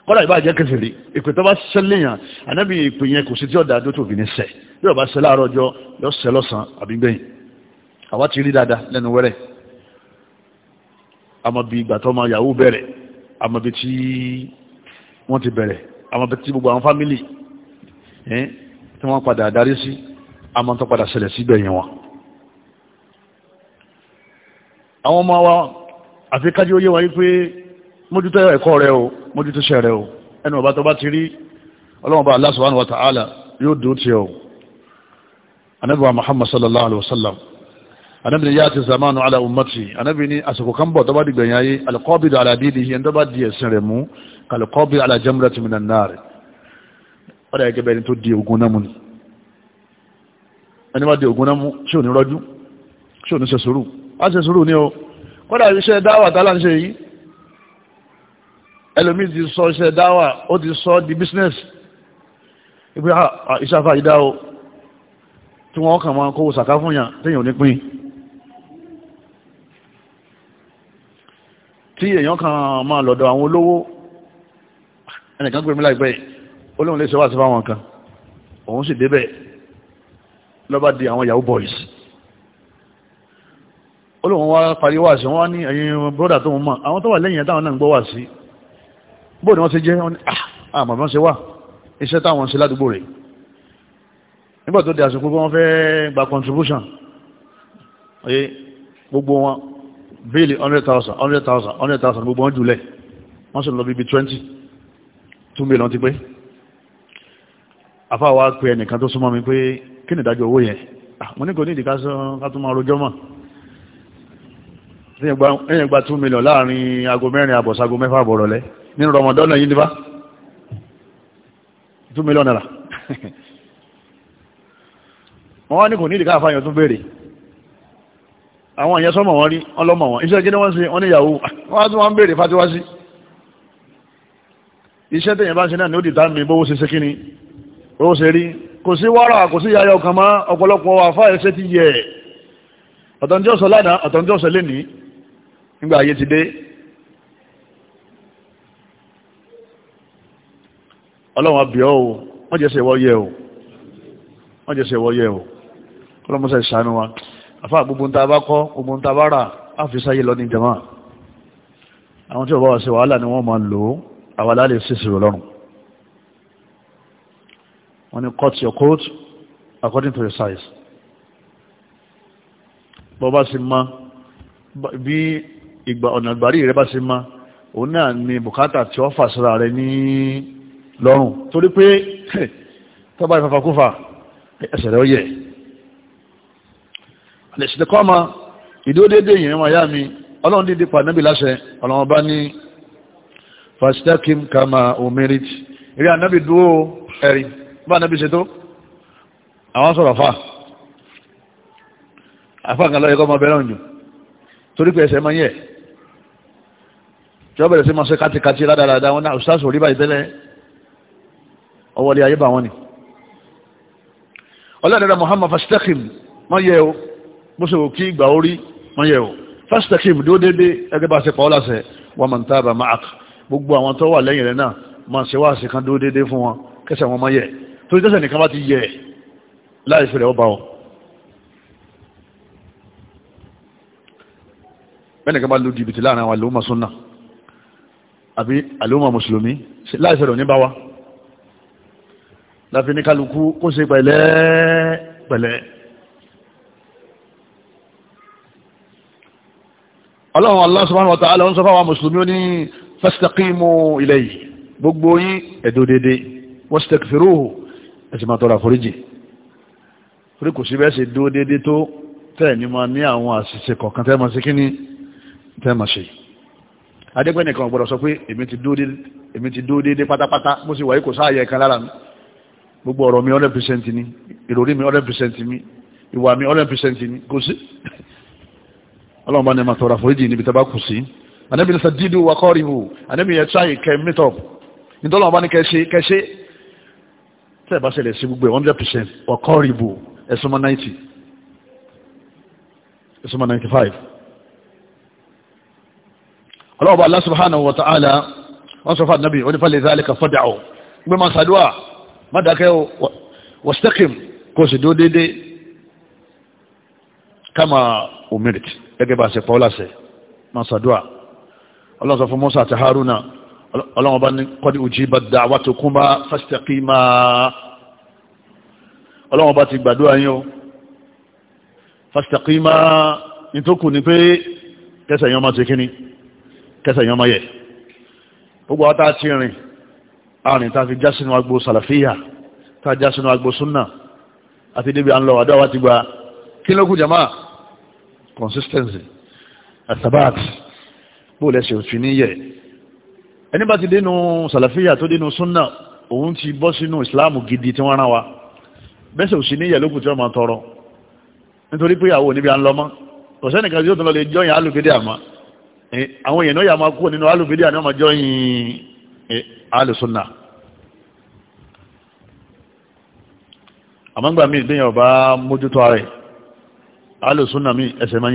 kọ́dà ìbá jẹ́ kéfì rí ìpè tó bá sẹ́lẹ̀yàn anábì ìpè yẹn kò sí tí ọ̀dà tó fi ní sẹ̀ bí ọba sẹ́ láàárọ̀ ọjọ́ yọ sẹ́ lọ́sàn àbí gbẹ̀yìn àwa ti rí dáadáa lẹ́nu wẹ́rẹ́ àmọ́bi ìgbà tó máa yahoo bẹ̀rẹ̀ àmọ́bi tí wọ́n ti àmọ́ tó padà ṣẹlẹ̀ síbẹ̀ yẹn wọn. àwọn ọmọ wa àfi kájú oyé wa yí pé mójútó ẹ̀kọ́ rẹ o mójútó ṣẹ rẹ o ẹnu ọba tó bá ti rí ọlọ́run bá Allah subhanahu wa ta'ala yóò dùn tiẹ̀ o anabi wa muhammad sallallahu alaihi wa sallam anabi ni yaati zamanu ala ummati anabi ni àsìkò kan bọ̀ tó bá di gbẹ̀yìn ayé alqabidu ala dinihi ẹni tó bá di ẹ̀sìn rẹ̀ mú kalqabidu ala jamratin minan nar ọ̀dà ẹ̀gẹ́bẹ̀ẹ́ni tó di ogun náà mú ni ẹni bá di ògùn náà mú ṣé ò ní rọ́jú ṣé ò ní ṣe sùúrù wá ṣe sùúrù ní o kódà iṣẹ́ dáwà tálà ń ṣe yìí ẹlòmíì ti sọ iṣẹ́ dáwà ó ti sọ di business ibi ìṣàfà ìdá o tí wọ́n kàn máa kówó sàká fún yàn téèyàn ò ní pín tí èèyàn kan máa lọ́dọ̀ àwọn olówó ẹnìkan pè mí láìpẹ́ olóhùn lè ṣe wá sí fáwọn kan òun sì débẹ̀ lọ́ba di àwọn yahoo boys olóhùn wa parí wá sí wọ́n ní ẹ̀yin broda tó mọ̀ àwọn tó wà lẹ́yìn táwọn náà ń gbọ́ wá sí bóòdì wọ́n ti jẹ́ wọ́n ní àmọ̀ ah, bọ́n ṣe wà iṣẹ́ táwọn ṣe ládùúgbò rẹ̀ nígbà tó di àsìkò wọ́n fẹ́ gba contribution oye gbogbo wọn bíìlì 100,000 100,000 100,000 gbogbo wọn jùlẹ̀ wọ́n sì lọ bíbi 20 2 million ti pé àfáà wa pe ẹnìkan tó súnmọ́ kí ni ìdájọ́ owó yẹn ah, mo ní kò ní ìdíkà sán ká tún máa rojọ́ mọ̀ ẹ̀yìn gba two million láàrin aago mẹ́rin àbọ̀ sago mẹ́fà àbọ̀ rọ̀lẹ́ nínú Ramadan náà yìí ní bá two million naira wọ́n wá ní kò ní ìdíkà àfàyàn tún béèrè àwọn ìyẹn sọ́mọ̀ wọn rí ọlọ́mọ̀ wọn iṣẹ́ gíní wọ́n sí wọ́n ní ìyàwó wọ́n á tún wọ́n ń béèrè fatiwa sí iṣẹ́ tẹ̀yìn bá ń ṣe náà ní ó dìtà mi bówó ṣe ṣe kíni bówó ṣe rí kò sí wàrà kò sí yàyà ọkàn má ọ̀pọ̀lọpọ̀ àfá ẹ̀ṣẹ́ ti yẹ ọ̀tọ̀njẹ́ ọ̀sọ̀ lánàá ọ̀tọ̀njẹ́ ọ̀sọ̀ lẹ́ni nígbà ayé ti dé ọlọ́run àbíọ́ o wọ́n jẹ́ sẹ́wọ́ yẹ o wọ́n jẹ́ sẹ́wọ́ yẹ o ọlọ́mọsẹ̀ jama àwọn tí ò bá wà sí wàhálà ni When you cut your coat according to your size bọ́ bá sì ma bí ìgbà ọ̀nà ìgbàrí rẹ bá sì ma òun náà ni bùkátà tí ó fà síra rẹ ní lọ́rùn torí pé tọ́ba ìfàfàkúfà ẹsẹ̀ rẹ ó yẹ àlẹ́sìtẹ́kọ́mà ìdódédé yìí wọn yá mi ọlọ́run dídí pàdánbì láṣẹ ọlọ́run bá ní fàṣítẹ́kìm kama omerit eré ànábì dúró ẹ̀rin bá nàbí ṣe tó àwọn sọ̀rọ̀ fà àfà kan lọ́yẹ̀kọ́ máa bẹ̀rẹ̀ òjò torí pé ẹsẹ̀ máa yẹ̀ tí wọ́n bẹ̀rẹ̀ sí máa ṣe kátikátí ládàradà wọn náà ṣáṣù orí báyìí tẹ́lẹ̀ ọwọ́lé ayé bà wọ́n ni ọlọ́dẹ̀dẹ̀ Muhammad fastaqim máa yẹ o bó ṣe wò kí ìgbà orí máa yẹ o fastaqim dúró dédé ẹgbẹ́ bá ṣe pa ọ́ láṣẹ wa man taba ma'ak gbogbo àwọn tó wà lẹ́yìn rẹ̀ náà máa ṣe wá àṣekán dúró dédé fún wọn kẹsẹ̀ wọn máa yẹ torí tẹ́sẹ̀ nìkan bá ti yẹ láì fẹ́rẹ̀ ọba wọn bẹ́ẹ̀ nìkan bá lu jìbìtì láàrin àwọn àlòmà súnà àbí àlòmà mùsùlùmí láì fẹ́rẹ̀ òní bá wa láfi ní kálukú kó ṣe pẹ̀lẹ́ pẹ̀lẹ́ ọlọ́run Allah subhanahu ń sọ fáwọn mùsùlùmí ní fastaqimu ilayhi gbogbo yín ẹ̀dọ́ dédé wastaghfiruhu ẹ̀sìn máa tọrọ àforíjì orí kò sí bẹ́ẹ̀ ṣe dúó déédé tó tẹ́ẹ̀ ní máa ní àwọn àṣìṣe kọ̀ọ̀kan tẹ́ẹ̀ máa ṣe kíní tẹ́ẹ̀ máa ṣe adégbé nìkan gbọ́dọ̀ sọ pé èmi ti dúó déédé pátápátá mo sì wà yìí kò sáàyè kan lára mi gbogbo ọ̀rọ̀ mi hundred percent ni ìròrí mi hundred percent mi ìwà mi hundred percent ni kò sí ọlọ́run bá ní ma tọrọ àforíjì níbi tẹ́ bá kù sí anábìyẹn sọ dídú wakọ́rìhù anábìyẹn try kẹ́ meet nítorí ọlọ́run bá ní kẹ́ ṣe kẹ́ ṣe tẹ́ ẹ̀ bá ṣẹlẹ̀ sí gbogbo ẹ̀ hundred percent ọ̀kọ́ rìbò ẹ̀sùn mọ́ ninety ẹ̀sùn mọ́ ninety five. ọlọ́ọ̀bá Allah subhanahu wa ta'ala wọ́n sọ fún àdínábì wọ́n ní fàlẹ̀ ìzáàlẹ́kà fọ́dàọ̀ gbé máa ṣàdúrà má dákẹ́ wọ́stẹ́kìm kò sì dúró déédéé kama omirit gẹ́gẹ́ bá ṣe pọ́ọ́lá ṣe máa ṣàdúrà Allah sọ fún Musa àti Haruna ọlọ́run bá ní kọ́dí òjì bá dá wà tó kún bá fásitẹ́kì máa ọlọ́run bá ti gbàdúrà yín o fásitẹ́kì máa nítòkù ni pé kẹsẹ̀ yẹn máa ti kíní kẹsẹ̀ yẹn máa yẹ gbogbo àwọn tá a ti rìn àrìn tá a fi já sínú agbo sàlàfíà tá a já sínú agbo súnà àti débi à ń lọ àdó àwa ti gba kí ló kù jàmá consistency àtàbáàtì bóòlù ẹsẹ̀ òfin níyẹ̀ ẹni bá ti dénú sàlàfíà tó dénú súnà òun ti bọ́ sínú ìsìláàmù gidi tí wọ́n rán wa bẹ́sẹ̀ òsì ní ìyẹ̀lókù tí wọ́n máa tọrọ nítorí pé àwọn oníbi à ń lọ mọ́ ọ̀sẹ́ nìkan tí ó tún lọ lè jọyìn alùbídé àmọ́ àwọn èèyàn náà yà máa kú nínú alùbídé àná jọyìn alùsùnà àmọ́ngbà míì gbìyànjú ọba mójútó ara ẹ̀ alùsùnà míì ẹsẹ̀ máa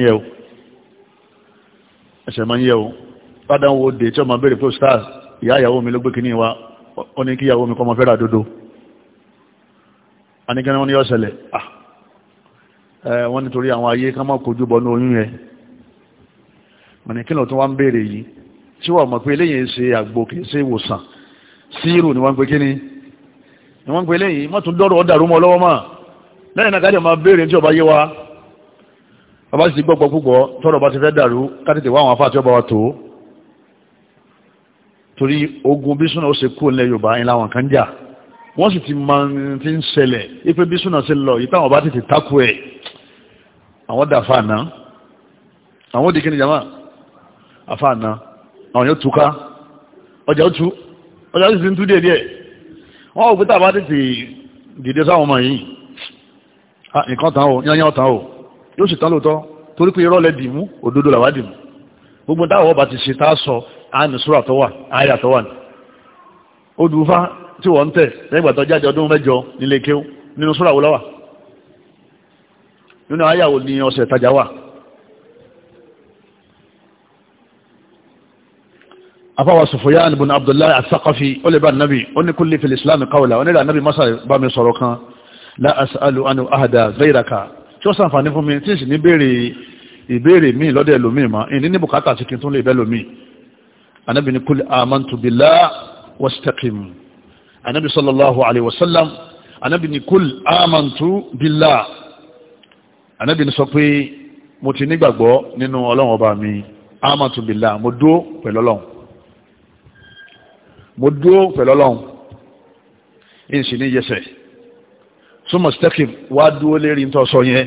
ń yẹ bádá wo dé tí ọmọ bèèrè pé stars ìyá ìyàwó mi ló gbé kìíní wa ó ní kí ìyàwó mi kọmọ fẹ́ra dodo a ní kí wọ́n ní ọ̀sẹ̀lẹ̀ ah. wọ́n nítorí àwọn ayé ká mọ́ kojú bọ́ ní oyún yẹn wa ní kí lọ tó wá ń bèèrè yìí tí wọ́n mọ̀ pé eléyìí ṣe kìí ṣe ìwòsàn ni wọ́n pe ni wọ́n pe eléyìí mọ́tún dọ́rọ̀ ọ̀dàrú mọ́ lọ́wọ́ mọ́ lẹ́yìn wa bàbá sì ti gbọ́gbọ́ púpọ̀ tọ́rọ̀ ti fẹ́ dàrú ká tètè wá àwọn wa torí ogun bísúnà ó ṣe kú ilẹ̀ yorùbá ilẹ̀ àwọn kan jà wọ́n sì ti máa ti ń ṣẹlẹ̀ ipe bísúnà ṣe lọ yìí táwọn bá tètè takò ẹ̀ àwọn dà fàánà àwọn òdì kìnnìjà máa àfàánà àwọn yóò túká ọjà ó tú ọjà sì ti ń tú díẹ̀ díẹ̀ wọ́n ò pé tá tètè dìde sáwọn ọmọ yìí nǹkan tán o yányán tán o yóò sì tán lóòótọ́ torí pé irọ́ lẹ dìmú òdodo làwá dìmú gbogbo táwọn ọba ti ṣe tá a sọ àánú súrà tó wà àyà tó wà ní odùfá tí wọ́n ń tẹ̀ lẹ́gbà tó jáde ọdún mẹ́jọ nílé kéw nínú súrà wo lọ́wà nínú àyà wo ni ọ̀sẹ̀ ìtajà wà afáwà Sufyan ibn Abdullahi as-Saqafi ó lè bá nàbì ó ní kulli Islam qawla ó nílà masa bá mi sọ̀rọ̀ kan la anu ahada ghayraka tí ó sàǹfààní fún mi tí ì ní ìbéèrè míì lọ́dẹ̀ lómi mà ìní ní bùkátà sí lè bẹ́ lómi anábì ní kúlẹ̀ amantu billah wastaqim anábì sallallahu alayhi wa sallam anábì ní kúlẹ̀ amantu billah anábì ní sọ pé mo ti nígbàgbọ́ nínú ọlọ́run ọba mi amantu billah mo dúó pẹ̀lú ọlọ́run mo dúó pẹ̀lú ọlọ́run in sì ní yẹsẹ̀ súnmọ̀ stẹ́kìm wá dúó lérí ń sọ yẹn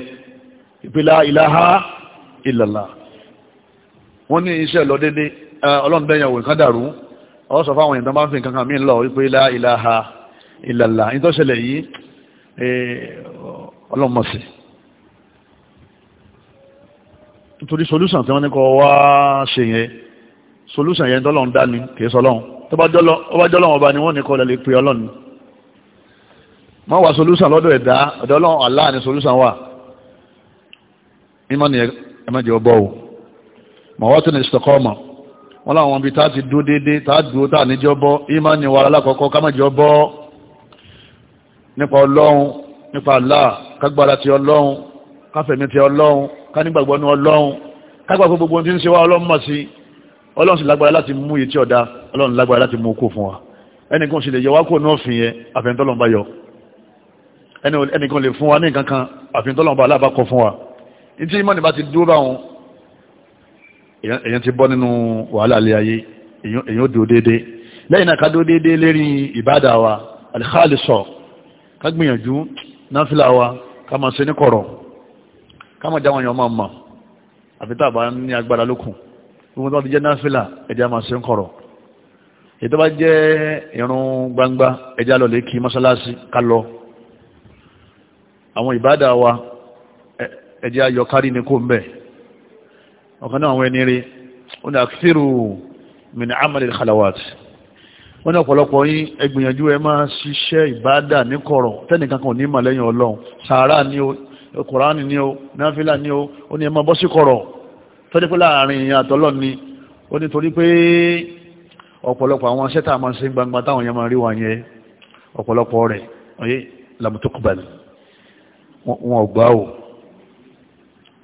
ìpìlá ilaha illallah wọ́n ní iṣẹ́ lọ déédéé ọlọ́ndẹ́yàwó nǹkan dàrú ọ sọ fáwọn ìdán bá ń fi nǹkan kan mí lọ wípé la ilaha illallah ìtọ́ṣẹlẹ̀ yìí ọlọ́mọ̀sí nítorí solúsàn tí wọ́n ní kọ wá ṣe yẹn solúsàn yẹn tọ́lọ́n dá ní kìí sọlọ́n tó bá jọ́lọ́n ọba ni wọ́n ní kọ lẹ́lẹ́ pé ọlọ́ni wọ́n wá solúsàn lọ́dọ̀ ẹ̀dá ọ̀dọ̀ ọlọ́run ni solúsàn wà mímọ́ ni ẹ̀mẹ́jẹ̀ ọbọ̀ o mọ̀wọ́ tó ní ìsìtọ́kọ́ wọ́n láwọn ibi tá ti dúó déédé tá dúó tá níjọ́ bọ́ ìmánì wa alákọ̀ọ́kọ́ kámẹ́jọ́ bọ́ nípa ọlọ́run nípa Allah kágbára ti ọlọ́run káfẹ̀mí ti ọlọ́run kánígbàgbọ́ ní ọlọ́run kágbàgbọ́ gbogbo ohun tí ń ṣe wá ọlọ́run mọ̀ sí ọlọ́run sì lágbára láti mú iye tí ọ̀dá ọlọ́run lágbára láti mú kó fún wa ẹnìkan sì lè yọ wá kó náà fìyẹ àfẹ́ntọ́lọ́n bá èyàn ti bọ́ nínú wàhálà ilé ayé èyàn dúró déédé lẹ́yìn náà ká dúró déédé lérí ìbádà wa alìkáàlìsọ ká gbìyànjú náfìlà wa ká máa ṣe ní kọ̀rọ̀ ká máa jáwọn èèyàn máa mọ̀ àfi tá a bá ní agbára lókun gbogbo tó bá ti jẹ́ náfìlà ẹ̀jẹ̀ máa ṣe ń kọ̀rọ̀ ètò bá jẹ́ irun gbangba ẹ̀jẹ̀ lọ lè kí mọ́ṣáláṣí ká lọ àwọn ìbádà wa ẹ̀jẹ̀ ayọ̀ kárí ni kò ń bẹ́ẹ̀ ọ̀kan náà àwọn ẹni rí ó ní àkíṣírù mìnà àmàlì khalawat wọ́n ní ọ̀pọ̀lọpọ̀ yín ẹ gbìyànjú ẹ máa ṣiṣẹ́ ìbádà ní kọ̀rọ̀ tẹ́nìkan kan ní màlẹ́yìn ọlọ́run sàárà ní o kùránì ní o náfílà ní o ó ní ẹ máa bọ́ sí kọ̀rọ̀ tọ́jú pé láàrin ìyá àtọ́lọ́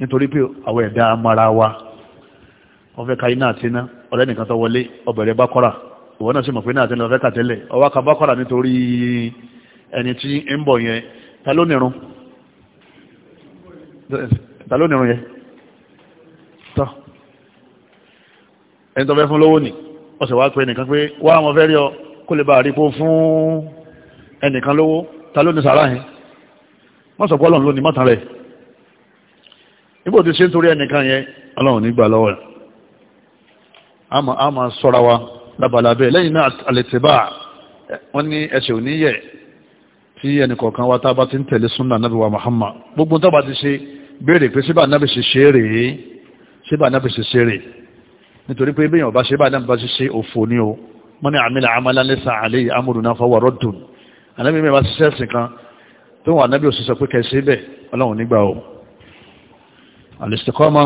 nítorí pé àwọn ẹ̀dá amara wa ọfẹ́ ka iná àti iná ọ̀rẹ́ nìkan tó wọlé ọbẹ̀rẹ̀ bákọ́rà ìwọ náà sì mọ̀ pé náà ọwá ka bákọ́rà nítorí ẹni tí ń yẹn ta ló yẹn tọ́ ẹni tó fẹ́ fún lówó ni ọ̀sẹ̀ wá pé pé wá àwọn fẹ́ rí ọ kó lè bá rí fún ẹnìkan lówó nígbò tí ṣe ń torí ẹnìkan yẹn ọlọ́run nígbà lọ́wọ́ rẹ̀ a máa sọ́ra wa labalábẹ́ lẹ́yìn náà àlètèbà wọ́n ní ẹsẹ̀ òníyẹ̀ tí ẹnìkọ̀ọ̀kan wa tábà ti ń tẹ̀lé súnà nábì wa Muhammad gbogbo tábà ti ṣe béèrè pé síbà nábì ṣe ṣe rèé síbà nábì ṣe ṣe rèé nítorí pé bí èèyàn bá ṣe bá nábì bá ṣe ṣe òfò ní o al-istiqama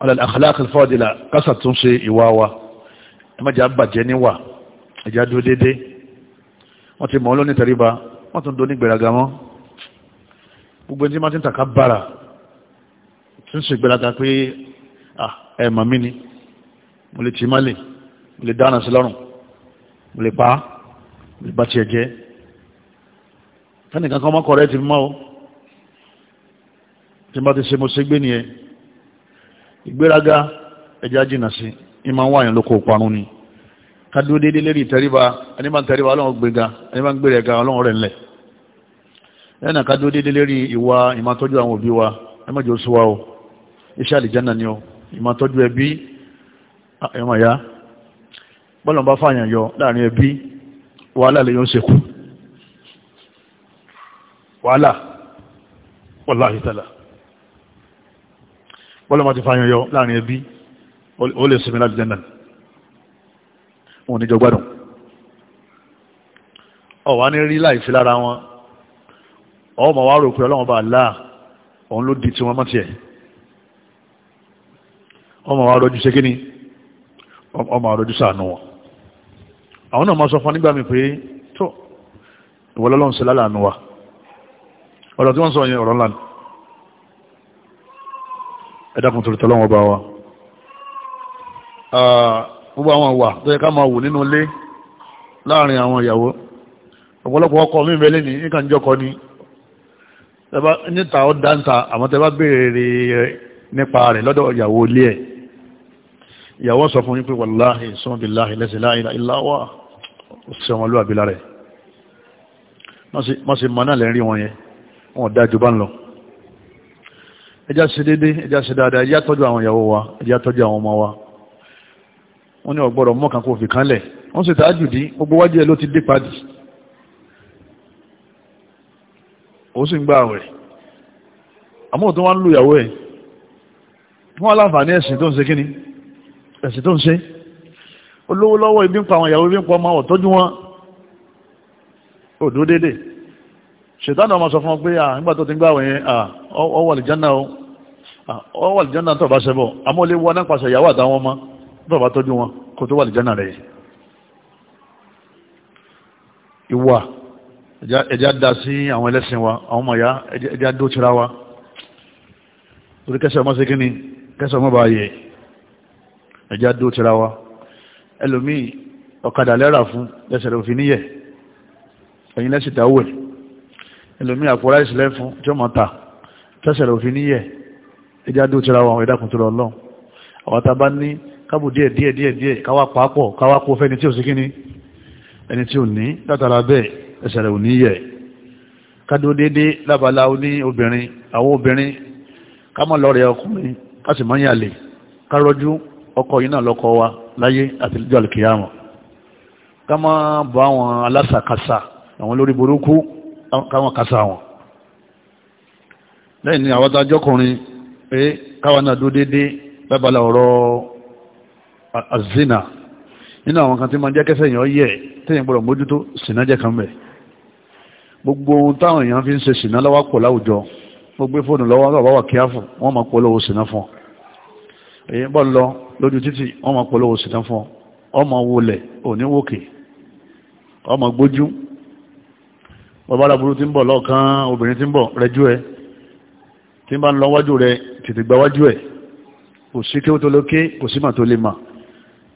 ala al-akhlaq al-fadila kásà tún ṣe ìwà wa ẹ má jà bàjẹ́ níwà ẹ̀já dúró dédé wọ́n ti mọ̀ ọ́ lónìí tẹríba wọ́n tún dóní gbèrágà mọ́ gbogbo ẹni tí wọ́n ti ń tàka bàrà tún ṣe gbèrágà pé ẹ mọ̀ mí ni mo lè tì má lè mo lè dáná sí lọ́rùn mo lè pa mo lè bá tiẹ̀ jẹ́ fẹ́nìkan kan mọ́kọ̀ rẹ ti mọ́ o tí bá ti ṣe mo ṣe gbé nìyẹn ìgbéraga ẹja jìnà sí ìmọ̀ wáyàn ló kó parun ni kádúró déédéé lérí ìtẹríba ẹni máa ń tẹríba ọlọ́run gbéga ẹni máa ń gbére ẹ̀ga ọlọ́run rẹ̀ ńlẹ̀ ẹnà kádúró déédéé lérí ìwà ìmọ̀tọ́jú àwọn òbí wa ẹ má jẹ́ oṣù wa o iṣẹ́ àlìjánà ni o ìmọ̀tọ́jú ẹbí ẹ̀wọ̀n ya bọ́lọ̀ bá fàyàn yọ láàrin ẹbí wàhálà lè yóò ṣekú wàhálà wàláhìtàlá bọ́lọ́mọ ti fàyàn yọ láàrin ẹbí ó lè sinmi láti jẹ́nà wọn níjọ gbádùn ọ̀wá ní rí láìsí lára wọn ọmọ wa rò pé ọlọ́wọ́n bá láà òun ló di tí wọ́n mọ́tì ẹ̀ ọmọ wa rọjú ṣe kíni ọmọ àrọjú sàánú wọn àwọn náà máa sọ fún nígbà mi pé tó ìwọlọ́lọ́run ṣe lálàánú wa ọ̀rọ̀ tí wọ́n sọ yẹn ọ̀rọ̀ ńlá ni ẹ̀dàkùn torí tọ́lọ́wọ́ bá wa ah, gbogbo àwọn wà tó yẹ ká máa wò nínú ilé láàrin àwọn ìyàwó ọ̀pọ̀lọpọ̀ ọkọ mi bẹ́lẹ̀ ní nǹkan jọkọ ni níta ó dáńta àmọ́ tẹ bá béèrè nípa rẹ̀ lọ́dọ̀ ìyàwó ilé ẹ̀ ìyàwó sọ fún yín pé wàláhì sọ́nbìláhì lẹ́sẹ̀ láìlá ìláwà sí ọmọlúwàbí lára ẹ̀ má sì mọ náà lẹ́rìn wọn yẹn wọn dájú bá ń lọ ẹjá ṣe dédé ẹjá ṣe dáadáa ẹjá tọ́jú àwọn ìyàwó wa ẹjá tọ́jú àwọn ọmọ wa wọ́n ní ọ̀gbọ́dọ̀ mọ́kàn kó fi kánlẹ̀ wọ́n sì tààjù dí gbogbo wájú ẹ ló ti dé padì ó sì ń gbà àwẹ̀ àmọ́ tó wá ń lu ìyàwó ẹ̀ wọ́n aláǹfààní ẹ̀sìn tó ń ṣe kíni ẹ̀sìn tó ń ṣe olówó lọ́wọ́ ibi ń pa àwọn ìyàwó ibi ń pa ọmọ ọ̀tọ́jú wọn òdó déédéé ṣètánù ọmọ sọ fún ọ pé à ah, nígbà tó ti ń gbàwẹ̀ yẹn ọ ah, wà lìjánà ọ ah, wà lìjánà tó bá ṣẹbọ àmọ́ ilé wọn náà pàṣẹ ìyàwó àtàwọn ọmọ tó bá tọ́jú wọn kó tó wà lìjánà rẹ̀ ìwà ẹjá dá sí àwọn ẹlẹ́sìn wa àwọn ọmọ ya ẹjá dó tira wa torí kẹsẹ̀ ọmọ sí kí ni kẹsẹ̀ ọmọ bá yẹ ẹjá dó tira wa ẹlòmíì ọ̀kadà lẹ́ra fún lẹ́sẹ̀ rẹ̀ òfin níyẹ̀ ẹ̀yìn lẹ́sìn dáwẹ̀ ẹlòmíì àpò ráìsì lẹ́fún tí ó mọ̀ ta tẹ́sẹ̀ rẹ̀ òfin níyẹ̀ ẹjá dó tira wọn ẹ̀dàkùn tó lọ lọ́n àwọn tá a bá ní kábù díẹ̀ díẹ̀ díẹ̀ díẹ̀ káwá pàápọ̀ káwá kó fẹ́ni tí ò sí kíní ẹni tí ò ní látara bẹ́ẹ̀ ẹsẹ̀ rẹ̀ ò níyẹ̀ kádó déédéé lábala ní obìnrin àwọn obìnrin ká mọ̀ lọ́rẹ̀ ọkùnrin ká sì máa ń yàlè ká rọ́jú ọkọ yìí náà lọ́kọ wa láyé àti lọ́jọ́ àlùkìyàmọ̀ ká má bọ́ àwọn alásàkásà àwọn lórí burúkú káwọn kásá wọn lẹ́yìn ni àwọn adájọ́kùnrin pé káwọn náà dó dédé lábala ọ̀rọ̀ azina nínú àwọn kan tí ma jẹ́ kẹsẹ̀ èèyàn yẹ tẹ́yìn gbọ́dọ̀ mójútó sìnà jẹ́ kan bẹ̀ gbogbo ohun táwọn èèyàn fi ń ṣe sìnà lọ́wọ́ pọ̀ láwùjọ gbogbo fóònù lọ́wọ́ bàbá wà kíá fún wọ́n máa polówó sìnà fún èyí bọ́ lọ lójú títì wọ́n máa polówó sìnà fún ọmọ wọlẹ̀ òní wòkè ọmọ gbójú bàbá aláburú ti ń bọ̀ lọ́ọ̀kan obìnrin ti ń bọ̀ rẹjú ẹ tí ń bá ń lọ wájú rẹ tètè gba wájú ẹ kò sí kí ó tó lókè kò sí mà tó lè mà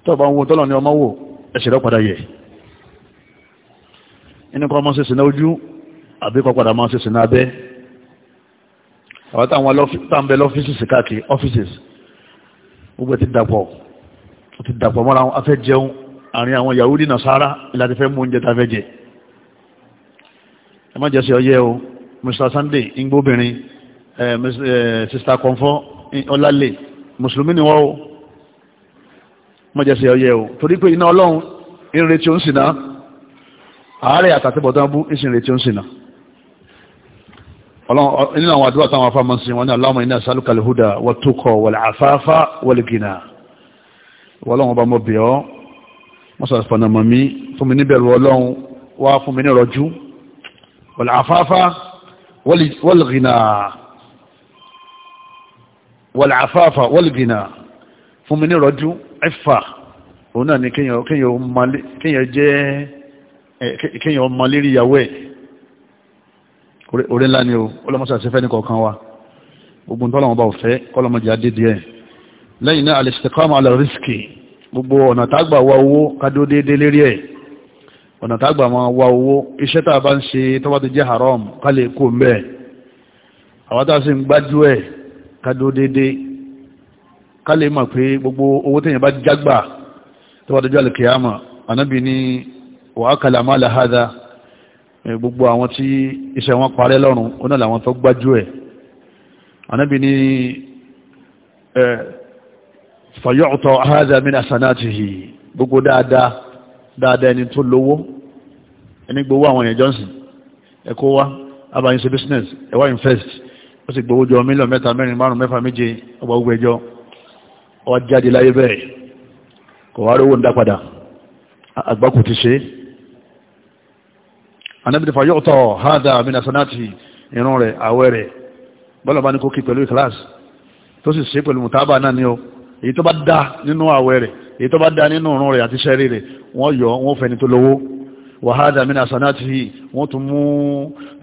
tó bá ń wo tọ́lọ̀ ní ọmọ wò ẹsẹ̀ rẹ̀ padà yẹ inú kọ́ ọmọ ṣẹṣẹ̀ náà ojú àbí kọ́ padà máa ṣẹṣẹ̀ náà abẹ́ àwọn táwọn táǹbẹ̀ lọ́fíìsì káàkiri ọ́fíìsì gbogbo ti dàpọ̀ ti dàpọ̀ mọ́ra wọn afẹ́ jẹun àárín àwọn Yahudi ẹ má jẹ́ sí ọyẹ́ o mr sunday ingbóbìnrin sista kọ̀ǹfọ́ ọlálẹ̀ mùsùlùmí ni wọ́n o má jẹ́ sí ọyẹ́ o torí pé iná ọlọ́run ìrìn tí ó ń sìnà àárẹ̀ àtàtìbọ̀dán bú ìsìnrìn tí ó ń sìnà nínú àwọn àdúrà táwọn afá máa ń sin wọn ní aláwọ̀ iná sálùkàlù húdà wọ́n tó kọ̀ wọ̀lá àfáfá wọlé gìnà wọ́lọ́wọ́n bá mọ́ bẹ̀ ọ́ mọ́sàlùfọ̀nà mọ̀mí fún mi níbẹ̀rù ọlọ́run wá fún mi ní rọjú والعفاف والغنى والعفاف والغنى fún mi ní rọ́jú كن òun náà ni kíyàn ọmọ lérí ìyàwó ẹ̀ orí ńlá ni o ọlọ́mọsà sí fẹ́ ní kọ̀ọ̀kan wa ogun tọ́lọ̀wọ̀n bá òfẹ́ kọ́lọ́mọdé adédé ẹ̀ lẹ́yìn náà al-istiqama gbogbo ọ̀nà tágbà wa owó kádó déédé lérí ẹ̀ ọ̀nà tágbà máa wá owó iṣẹ́ tàà bá ń ṣe tó bá ti jẹ́ haram ká lè kó mẹ́ àwọn tàà sí ń gbájú ẹ̀ ká dó dédé ká lè mọ̀ pé gbogbo owó tẹ̀yìn bá jágbà tó bá dọjọ́ alìkìyàmà anábì ní wàákàlà gbogbo dáadáa dáadáa ẹni tó lówó ẹni gbowó àwọn èèyàn johnson ẹ kó wá abayin business ẹ invest ó sì gbowó jọ mílíọ̀n mẹ́ta mẹ́rin márùn mẹ́fà méje ọgbà ogun ẹjọ́ ọ jáde láyé bẹ́ẹ̀ kò wá rówó ń dá padà àgbákò ti ṣe anábìdì fàyọ́tọ̀ hádà mina sanati irun rẹ̀ àwẹ̀ rẹ̀ bọ́lá bá ní kókì pẹ̀lú ìkíláàsì tó sì ṣe pẹ̀lú mùtábà náà ni ó èyí tó bá dá nínú àwẹ̀ rẹ̀ èyí tó bá da nínú ọ̀run rẹ̀ àti sẹ́rí rẹ̀ wọ́n yọ wọ́n fẹ́ni tó lówó wàhádà mí àsánà ti hì wọ́n tún mú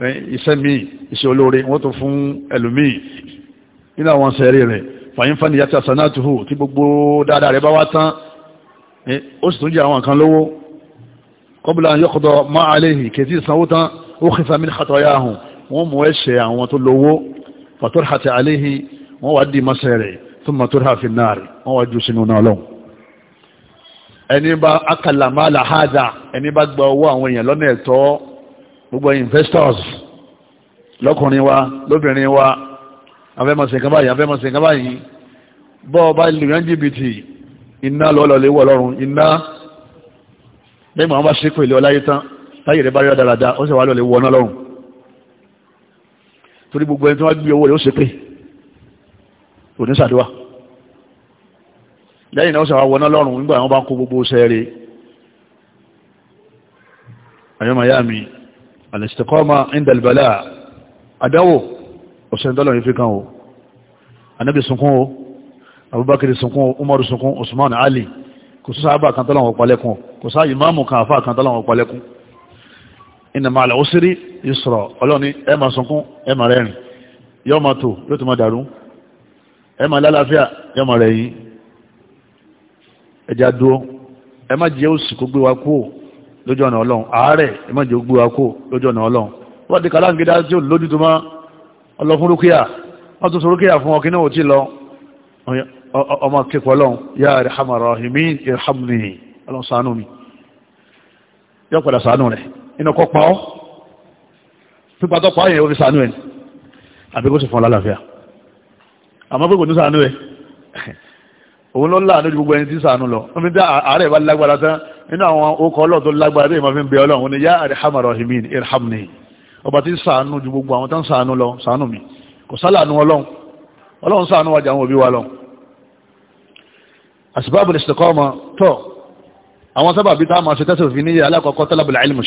eh, iṣẹ́ míì iṣẹ́ olóore wọ́n tún fún ẹlòmíì nínú àwọn sẹ́rí rẹ̀ fàyínfàní yàtí àsánà ti hù tí gbogbo dáadáa rẹ̀ bá wá tán eh, ó sì tún jẹ́ àwọn kan lówó kọ́bùlà yọ́kọ̀dọ̀ má aléhì kètí ìsanwó tán ó kìfà mí wọ́n wá dì mọ́sẹ̀ rẹ̀ tó mọ́tọ́rọ̀ àfi náà rẹ̀ wọ́n wá ju sínú náà lọ́wọ́ ẹni bá akàlàmàlà hádà ẹni bá gba owó àwọn èèyàn lọ́nà ẹ̀tọ́ gbogbo investors lọ́kùnrin wa lóbìnrin wa afẹ́mọ̀sìn kan báyìí afẹ́mọ̀sìn kan báyìí bọ́ ọba lèèyàn jìbìtì iná lọ́lọ́lé wọ̀ lọ́rùn iná lẹ́yìn àwọn bá ṣe pèlè ọláyé tán táyì rẹ̀ bá rí ọ̀dàlàdà ó sì wà lọ́lẹ̀ wọ̀ náà lọ́rùn torí gbogbo ẹni tí wọ́n gbé owó rẹ̀ ó ṣe pè òní ṣàdúrà lẹ́yìn náà sàwọn wọná lọ́rùn nígbà wọn bá kó gbogbo sẹ́ẹ̀rẹ̀ ayọ́mayami alìsìtìkọ́mà indalbala adáwò ọ̀sẹ̀ndọ́lọ̀ yìí fi kan o anábì sunkún o abubakar sunkún o umaru sunkún usman ali kò sí sáábà kan tọ́lọ̀ wọn palẹ́kún kò sáà ìmáàmù kan àfáà kan tọ́lọ̀ wọn palẹ́kún inna ma'al usri yusra ọlọ́ni ẹ máa sunkún ẹ máa yọ́ máa tò yóò tó máa dàrú ẹ lálàáfíà yọ́ máa rẹ̀ ẹja dúró ẹ má jẹ́ òsì kó gbé wa kú lójú ọ̀nà ọlọ́run àárẹ̀ ẹ má jẹ́ ó gbé wa kú lójú ọ̀nà ọlọ́run wọ́n ti kàlá nǹkan tí ó lójú tó máa ọlọ fún rúkìá wọ́n tún sọ rúkìá fún ọkì náà ò tí lọ ọmọ kíkọ ọlọ́run yá irhamar rahimin irhamni ọlọ́run ṣàánú mi yọ padà ṣàánú rẹ̀ inú kọ́ pa ọ́ pípa tó pa ọ́ yẹn ó fi ṣàánú ẹ̀ àbí kó sì fún ọ lálàáfíà àmọ́ pé kò ní ṣàánú ẹ̀ òun ló láàánú ju gbogbo ẹni tí sànú lọ wọ́n fi dá àárẹ̀ bá lágbára tán nínú àwọn okọ̀ ọlọ́ tó lágbára bẹ́ẹ̀ máa fi ń bẹ ọlọ́run ni yá arhamar rahimin irhamni ọba tí sànú ju gbogbo àwọn tán sànú lọ sànú mi kò sálànú ọlọ́run ọlọ́run sànú wájà àwọn òbí wa lọ. asbabul istiqama tọ́ àwọn sábàbí tá a máa ṣe tẹ́sí òfin níyà alákọ̀ọ́kọ́ talabul ilmu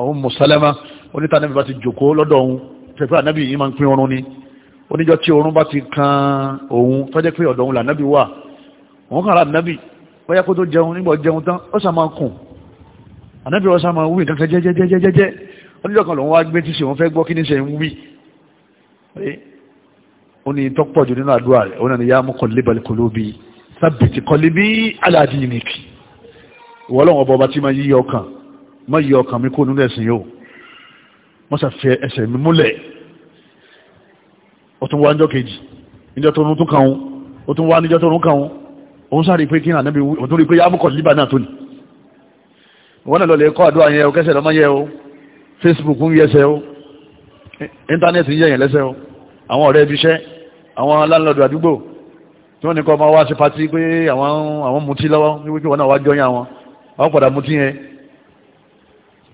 ọ̀hún mùsálẹ́mà oníta anábì bá ti jòkó lọ́dọ̀ òun tẹ̀pẹ́ anábì yìí máa ń pín oorun ni oníjọ́ tí oorun bá ti kan òun tọ́jẹ́ pé ọ̀dọ̀ òun là nábì wà wọ́n kàn rà nábì bóyá kó tó jẹun nígbà jẹun tán ó sà máa kùn anábì wọ́n sà máa wí nǹkan kan jẹ́jẹ́jẹ́jẹ́jẹ́ oníjọ́ kan lòun wá gbé tíṣe òun fẹ́ gbọ́ kí níṣe ń wí ó ní tọ́pọ̀ jù nínú àdúrà rẹ̀ òun náà ni yá mú kọlíbal kulubi sábìtì kọlíbí ala dinik ìwọ́lọ́wọ́ ọba ọba tí máa yí ọkàn má yọ ọkàn mi kó nínú ẹ̀sìn yóò wọ́n ṣàfihàn ẹsẹ̀ mi múlẹ̀ ó tún wá níjọ́ kejì níjọ́ tó ń tún kàn án ó tún wá níjọ́ tó ń kàn án òun sáré pé kí ànábi ó tún rí pé yábùkọ̀ líbà náà tó wọ́n lọ lè kọ́ àdúrà yẹn o kẹsẹ̀ lọ́mọ yẹn o Facebook ń yẹsẹ̀ o íńtánẹ́ẹ̀tì ń yẹ̀yẹ̀ lẹ́sẹ̀ o àwọn ọ̀rẹ́ ibi iṣẹ́ àwọn láńlọ́dù àdúgbò tí wọ́n ní kọ́ ọmọ wá sí patí pé àwọn mutí lọ́wọ́ wípé wọn náà wá jọyìn àwọn àwọn padà mutí yẹn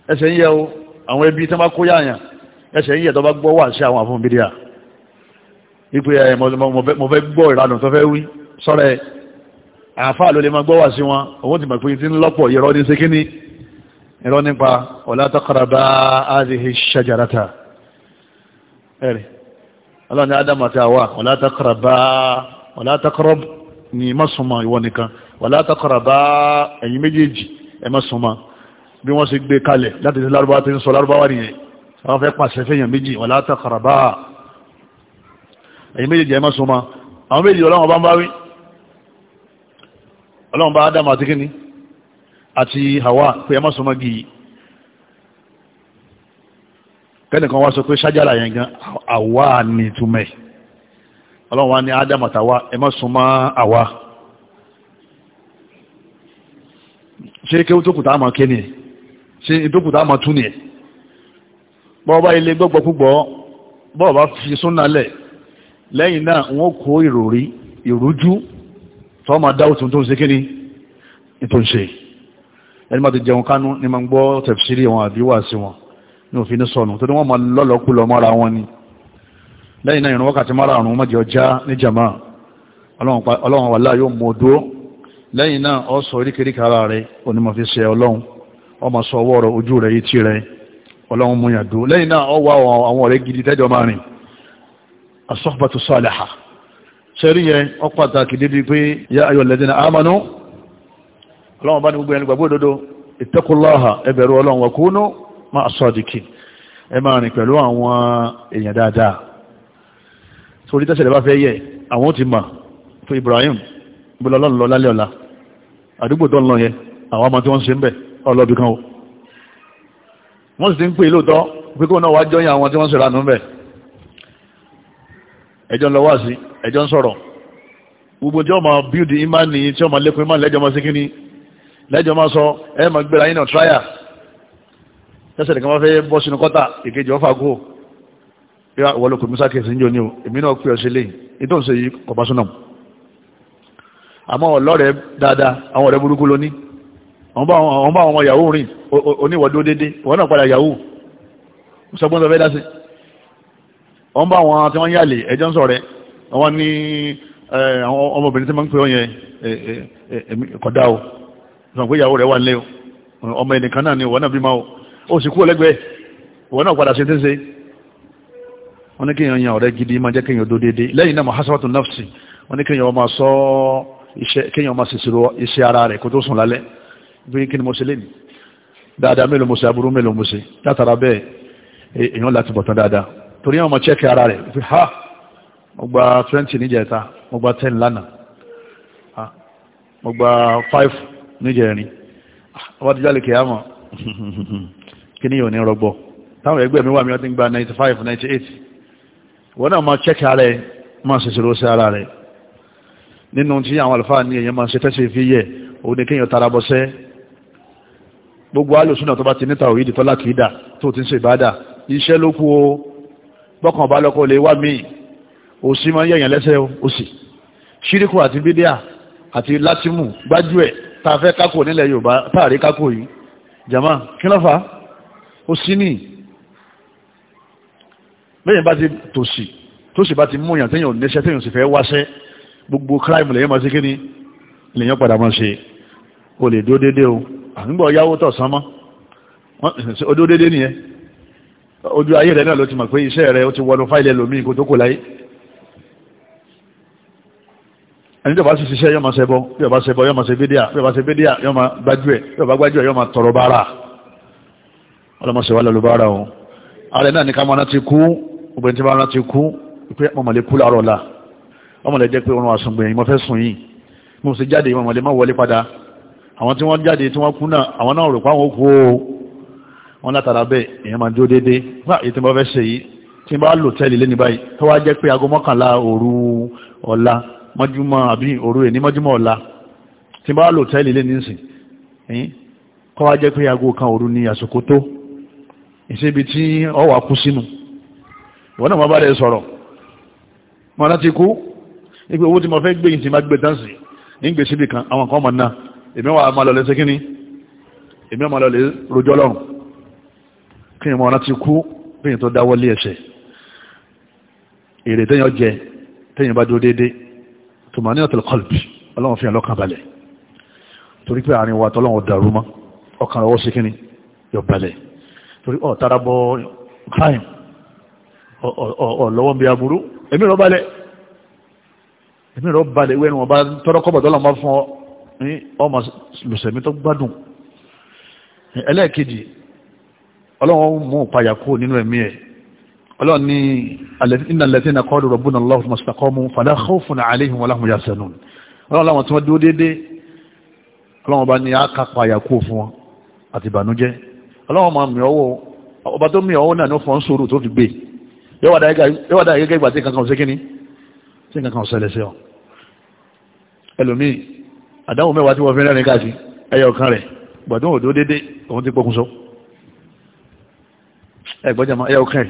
ẹsẹ̀ ń yẹ o àwọn ẹbí tó bá kó yáyàn ẹsẹ̀ ń yẹ tó bá gbọ́ wà sí àwọn àfún bídíà ipe ẹ mo fẹ́ gbọ́ ìranù tó fẹ́ wí sọ́rẹ́ àáfàá ló lè máa gbọ́ wà sí wọn òun ti mọ̀ pé ti ń lọ́pọ̀ ìrọ́ ní ṣe kíní ìrọ́ nípa ọ̀la taqraba hadhihi shajarata ẹ̀rì ọlọ́ni ádámù àti àwa ọ̀la taqraba ọ̀la ni má ìwọ nìkan ọ̀la taqraba ẹ̀yin méjèèjì ẹ bí wọ́n sì gbé kalẹ̀ láti ní lárúbá tí ń sọ lárúbáwá nìyẹn àwọn fẹ́ pàṣẹ fẹ́yàn méjì wà látàkàràbá èyí méjì jẹ́ mọ́sùn ma àwọn méjì ọlọ́wọ́n bá ń bá wí ọlọ́wọ́n bá Adam àti kíní àti Hawa pé mọ́sùn ma gì kẹ́nìkan wá sọ pé ṣájára yẹn gan àwa ni túmẹ̀ ọlọ́wọ́n wá ní Adam àtàwa ẹ mọ́sùn ma àwa ṣé kéwú tó kù ṣe ìdókùtà àmọ́ tún nìyẹn bọ́ọ̀bá ilé gbọ́gbọ́ púpọ̀ bọ́ọ̀bá fi súnà lẹ̀ lẹ́yìn náà wọ́n kó ìròrí ìrújú tó máa dá òtún tó ń ṣe kí ni ètò ń ṣe ẹni máa ti jẹun kánú ni máa ń gbọ́ tẹ̀fṣírí wọn àbí wà sí wọn ní òfin ní sọnù tó ní wọ́n máa lọ́lọ́kú lọ mọ́ra wọn ni lẹ́yìn náà ìrún wákàtí márààrún mọ́jọ já ní jàmá ọlọ́run wà láà yóò mọ̀ dúró náà ọ sọ oríkèéríkà ara rẹ̀ onímọ̀ fi ṣe ọlọ́run ọmọ sọ ọwọ́ rẹ ojú rẹ etí rẹ ọlọ́run mú yàn dó lẹ́yìn náà ọwọ́ àwọn ọ̀rẹ́ gidi tẹ́jọ máa rìn asọ́pàtò sọ́ọ̀lẹ́hà sẹ́rí yẹn ọ pàtàkì débi pé yá ayọ̀ lẹ́dínà àmánú ọlọ́run bá ní gbogbo ẹni gbàgbọ́ òdodo ìtẹ́kùláhà ẹbẹ̀rù ọlọ́run wà kúnú máa sọ́ọ̀dìkì ẹ máa rìn pẹ̀lú àwọn èèyàn dáadáa torí tẹ́sẹ̀lẹ̀ bá fẹ́ yẹ àwọn ti mà fún Ibrahim bọ́lá ọlọ́run lọ lálẹ́ ọ̀la àdúgbò tó ń lọ yẹn àwọn ọmọ tí wọ́n ń ṣe ń bẹ̀ ọlọ́bì kan o wọ́n sì ti ń pè lóòótọ́ pé kó náà wá jọyìn àwọn tí wọ́n ṣe ránú bẹ̀ ẹjọ́ ń sí ẹjọ́ ń sọ̀rọ̀ gbogbo tí wọ́n máa build imani tí wọ́n máa lékun imani lẹ́jọ́ máa sí kíní lẹ́jọ́ máa sọ ẹ máa gbéra yín náà tráyà tẹ́sẹ̀ nìkan máa fẹ́ bọ́ sínú kọ́tà ìkejì ọ̀fà gò yíra ìwọ ló kò mí sákèsí ń ní o èmi náà pè ọ sí lẹ́yìn nítorí ṣe yí kọ̀básúnà àmọ́ ọ̀lọ́rẹ̀ẹ́ dáadáa àwọn ọ̀rẹ́ burúkú lóní wọ́n bá àwọn ọmọ yahoo rìn oníwọ̀dó dédé wọ́n náà padà yahoo sọgbọ́n tó fẹ́ dá sí wọ́n bá àwọn tí wọ́n yàlè ẹjọ́ ń sọ rẹ̀ wọ́n ní àwọn ọmọbìnrin tí wọ́n ń pè ọyẹ kọ̀dá o sọ pé yahoo rẹ̀ wà nílé o ọmọ ẹnìkan náà ni wọ́n náà bí máa ó sì kú ọlẹ́gbẹ̀ẹ́ wọ́n náà padà ṣe tẹ́sẹ̀ wọ́n ní kéèyàn yan ọ̀rẹ́ gidi máa jẹ́ kéèyàn dó dédé lẹ́yìn náà mahasaratu nafsi wọ́n ní kéèyàn máa sọ kéèyàn máa ṣèṣirò iṣẹ́ ara rẹ̀ kó tó sùn lálẹ́ bí kí ni mo ṣe lé ní dáadáa mélòó mo ṣe aburú mélòó mo ṣe látara bẹ́ẹ̀ e, èèyàn láti bọ̀ tán dáadáa torí àwọn ọmọ chẹ́ẹ̀kì ara rẹ̀ fi ha mo gba twenty níjẹta mo gba ten lánàá mo gba five níjẹrin ọba ah, ti jáde kìámọ̀ kí ni yóò ní rọgbọ táwọn ẹgbẹ́ mi wà mí wọ́n ti ń gba ninety five wọ́n náà máa chẹ́ẹ̀kì ara rẹ̀ máa ṣe ṣòro sí ara rẹ̀ nínú tí àwọn àlùfáà ní èèyàn máa ṣe tẹ́sí fi yẹ òun ni kéèyàn tara bọ́sẹ́ gbogbo alòsúnà tó bá ti ní tàwídì tó lákìídà tó ti ń ṣe ìbádà iṣẹ́ ló kú o bọ́kàn bá lọ́kọ́ lè wá míì òsì máa ń yẹ̀yàn lẹ́sẹ̀ òsì ṣíríkù àti bídíà àti látìmù gbájú ẹ̀ tá a fẹ́ kákò nílẹ̀ yorùbá táàrí kákò yìí jama kí ló fà òsì ní bẹ́yìn bá ti tòsì tòsì bá ti mú yàn téèyàn níṣẹ́ téèyàn sì fẹ́ wáṣẹ́ gbogbo crime lèyàn máa ṣe kí ni lèyàn padà máa ṣe o lè dúró déédéé o àníbọ̀ yáwó tọ̀ sánmọ́ ojú dédé nìyẹn ojú ayé rẹ̀ náà ló ti mọ̀ pé iṣẹ́ rẹ̀ ó ti wọnú fáìlẹ̀ lómi kò tó kò láyé ẹni tó bá sì ṣiṣẹ́ yọ́mà ṣẹbọ yọ́mà ṣẹbọ yọ́mà ṣe bídíà yọ́mà ṣe bídíà yọ́mà gbájúẹ̀ yọ́mà gbájúẹ̀ yọ́mà tọrọ bára ọlọ́mọṣẹ́wà lọ́lọ́ bára o ààrẹ náà ní ká máa ti kú obìnrin tí bá rántí kú pé ọmọlẹ̀ kú láàárọ̀ ọ̀la ọmọlẹ̀ jẹ́ pé orun àsùngbẹ̀yìn mo sùn yìí mo sì jáde ìmọ̀mọ̀lẹ̀ má wọlé padà àwọn tí wọ́n jáde tí wọ́n kú náà àwọn náà rò páwọn kú o wọ́n látara bẹ́ẹ̀ èèyàn máa jó déédéé wá èyí tí wọ́n fẹ́ ṣe yìí tí bá lò tẹ́lẹ̀ lé ní báyìí tó wá jẹ́ pé aago mọ́kànlá òru ọ̀la mọ́júmọ́ àbí òru èní mọ́júmọ́ ọ̀la tí bá lò tẹ́lẹ̀ lé ní ni àsìkò tó ìṣebi tí ọ wà kú sínú ìwọ náà má bá rẹ sọ̀rọ̀ mọ́ ní gbèsè bìkan àwọn kan mọ̀ náà èmi wà máa lọlẹ́ sí kíní èmi máa lọlẹ́ rojọ́ lọ́rùn kí ni mo rántí kú bí i tó dáwọ́ lé ẹsẹ̀ èrè téèyàn jẹ téèyàn bá dúró déédéé tó máa ní ọ̀tẹ̀lẹ̀ kọlùbì ọlọ́run fi hàn lọ́kàn balẹ̀ torí pé àárín wa tọ́lọ́run dàrú mọ́ ọkàn rọwọ́ sí yọ balẹ̀ torí ọ̀ tara bọ crime ọ̀ lọ́wọ́ bí aburú èmi rọ balẹ̀ èmi rọ balẹ̀ wẹ́n wọn bá tọ́rọ kọ́bọ̀ tọ́lọ́ ní ọmọ lùsẹ̀mí tó gbádùn ẹlẹ́ẹ̀kejì ọlọ́run mú ìpayà kú nínú ẹ̀mí ẹ̀ ọlọ́run ní innal ladhina qalu rabbuna Allahu thumma istaqamu fala khawfun alayhim wa lahum yahzanun ọlọ́run láwọn tí wọ́n dúró déédé ọlọ́run bá ní áká payà kú fún wọn àti ìbànújẹ́ ọlọ́run máa mì ọwọ́ ọba àdáwò mẹ́wàá tí wọ́n fi rẹ́rin káàkiri ẹyọ kan rẹ̀ gbọ̀dún òdó dédé òun ti pokùnso ẹgbọ́jàmọ́ ẹyọ kan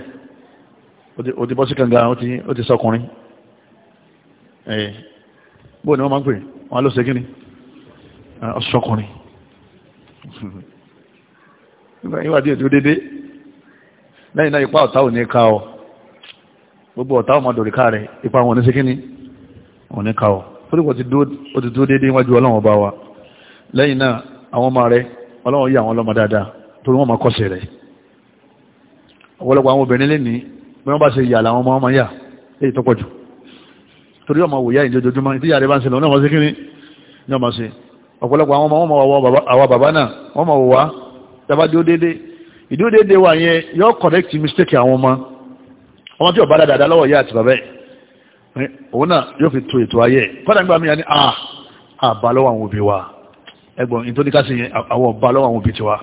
rẹ̀ ó ti bọ́ sí kànga ó ti sọkùnrin ẹ̀ bóò ni wọ́n máa ń pè wọ́n ló ṣe kí ni ọ̀sọkùnrin ìwádìí ètò dédé lẹ́yìn náà ipá ọ̀tá ò ní ká ọ gbogbo ọ̀tá ọmọdé òrìká rẹ̀ ipá wọn ní ṣe ò ní ká ọ torí wọ́n ti dúró déédéé wájú ọlọ́run ọba wa lẹ́yìn náà àwọn ọmọ rẹ ọlọ́run yí àwọn ọlọ́mọ dáadáa torí wọ́n máa kọ́sẹ̀ rẹ̀ ọ̀pọ̀lọpọ̀ àwọn obìnrin lé ní bí wọ́n bá ṣe yà làwọn ọmọ ọmọ yà èyí tó pọ̀jù torí ọmọ wòyá ìjọ ojoojúmọ́ tí yàrá bá ń ṣe lọ náà wọ́n ṣe kíní ní ọmọ ṣe ọ̀pọ̀lọpọ̀ àwọn ọmọ ọmọ àwa bàbá náà wọ́n mọ̀ wá tàbá dúró déédé ìdúró déédé wà yẹn mistake àwọn ọmọ ọmọ tí ò bá dáadáa lọ́wọ́ yá àti bàbá òun náà yóò fi to ètò ayé kọ́dà nígbà mí ya ní àbá lọ́wọ́ àwọn òbí wa ẹgbọ́n ní tó ní ká sí yẹn àwọn ọba lọ́wọ́ àwọn òbí ti wa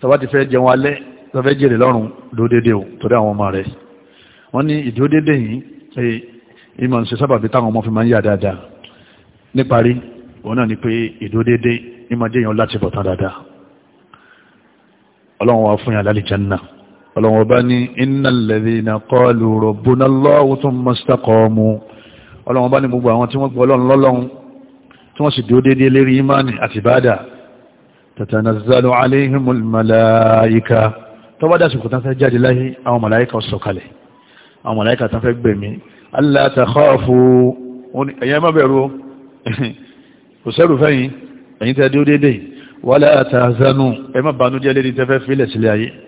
tọ́ba ti fẹ́ jẹun alẹ́ tọ́ba fẹ́ jèrè lọ́rùn dódédé o torí àwọn ọmọ rẹ̀ wọ́n ní ìdódédé yìí pé ìmọ̀ ṣe sábàbí táwọn ọmọ fi máa ń yà dáadáa níparí òun náà ni pé ìdódédé ìmọ̀ jẹ́yàn láti bọ̀ tán dáadáa ọlọ́run wa fún yàn lálẹ́ jẹ́ náà ọlọ́wọ́n bá ní innal ladhina qalu rabbuna Allahu thumma istaqamu ọlọ́wọ́n bá ní gbogbo àwọn tí wọ́n gbọ́ ọlọ́run lọ́lọ́run tí wọ́n sì dúró déédéé lérí imáni àti ìbádà tatanazzalu alayhimul malaika tó bá dásìkò tán fẹ́ jáde láyé àwọn màláíkà ó sọ̀kalẹ̀ àwọn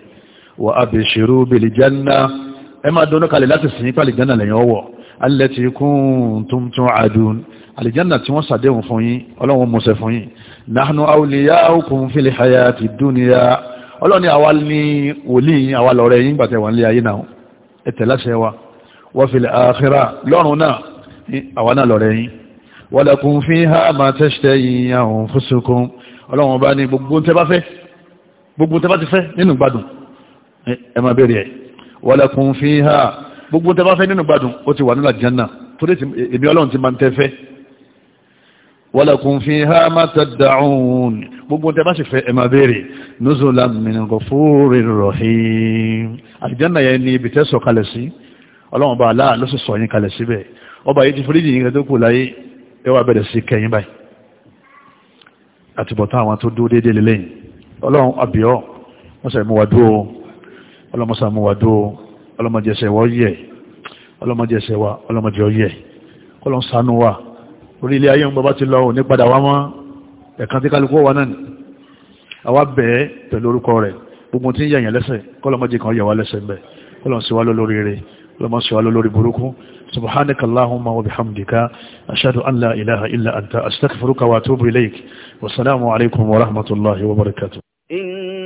wa abishiru bil janna ẹ máa dọ́nà kalẹ̀ láti sìn pàlì jẹ́nà lẹ́yìn ọwọ́ allati kuntum tu'adun alìjẹ́nà tí wọ́n sàdéhùn fún yín ọlọ́run mọ̀sẹ̀ fún yín nahnu awliya'ukum fil hayati dunya ọlọ́ni àwa ní wòlíì àwa lọ́rẹ́ yín gbàtẹ̀ wà nílé ayé náà ẹ̀tẹ̀ láṣẹ wa wa fil akhirah lọ́run náà àwa náà lọ́rẹ́ yín walakum fiha ma tashtahi anfusukum ọlọ́run bá ní gbogbo tẹ́ bá fẹ́ gbogbo tẹ́ bá ti fẹ́ nínú gbádùn ẹ máa bèèrè ẹ̀ walakum fiha gbogbo tẹ bá fẹ́ nínú gbádùn ó ti wà nílà jẹ́nà torí èmi ọlọ́run ti máa ń tẹ́fẹ́ walakum fiha ma tad'un gbogbo tẹ bá sì fẹ́ ẹ máa bèèrè nuzulan min ghafurir rahim àlìjẹ́nà yẹn ni ibi tẹ́ sọ kalẹ̀ sí ọlọ́run bá aláà ló sì sọ yín kalẹ̀ síbẹ̀ ọba yìí ti forí yìí nǹkan kù láyé ẹ wọ́n sẹ̀ mú wa ọlọ́mọsàmúwàdó ọlọ́mọjẹsẹ̀wọ́ yẹ ọlọ́mọjẹsẹ̀wà ọlọ́mọjẹ ọyẹ kọlọ́n sànú wa orí ilé ayé ń bọ́ bá ti lọ òní padà wá mọ́ ẹ̀kan tí kálukú wà náà ni àwa bẹ̀ẹ́ pẹ̀lú orúkọ rẹ̀ gbogbo tí ń yẹ̀yàn lẹ́sẹ̀ kọlọ́mọjẹ kan yẹ̀ wá lẹ́sẹ̀ mbẹ̀ kọlọ́n sì wá lólórí rẹ̀ kọlọ́n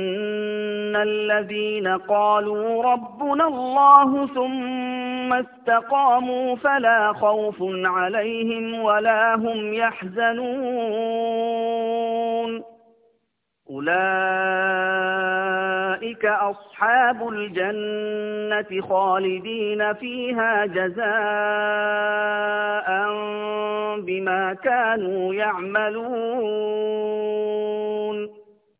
إن الذين قالوا ربنا الله ثم استقاموا فلا خوف عليهم ولا هم يحزنون أولئك أصحاب الجنة خالدين فيها جزاء بما كانوا يعملون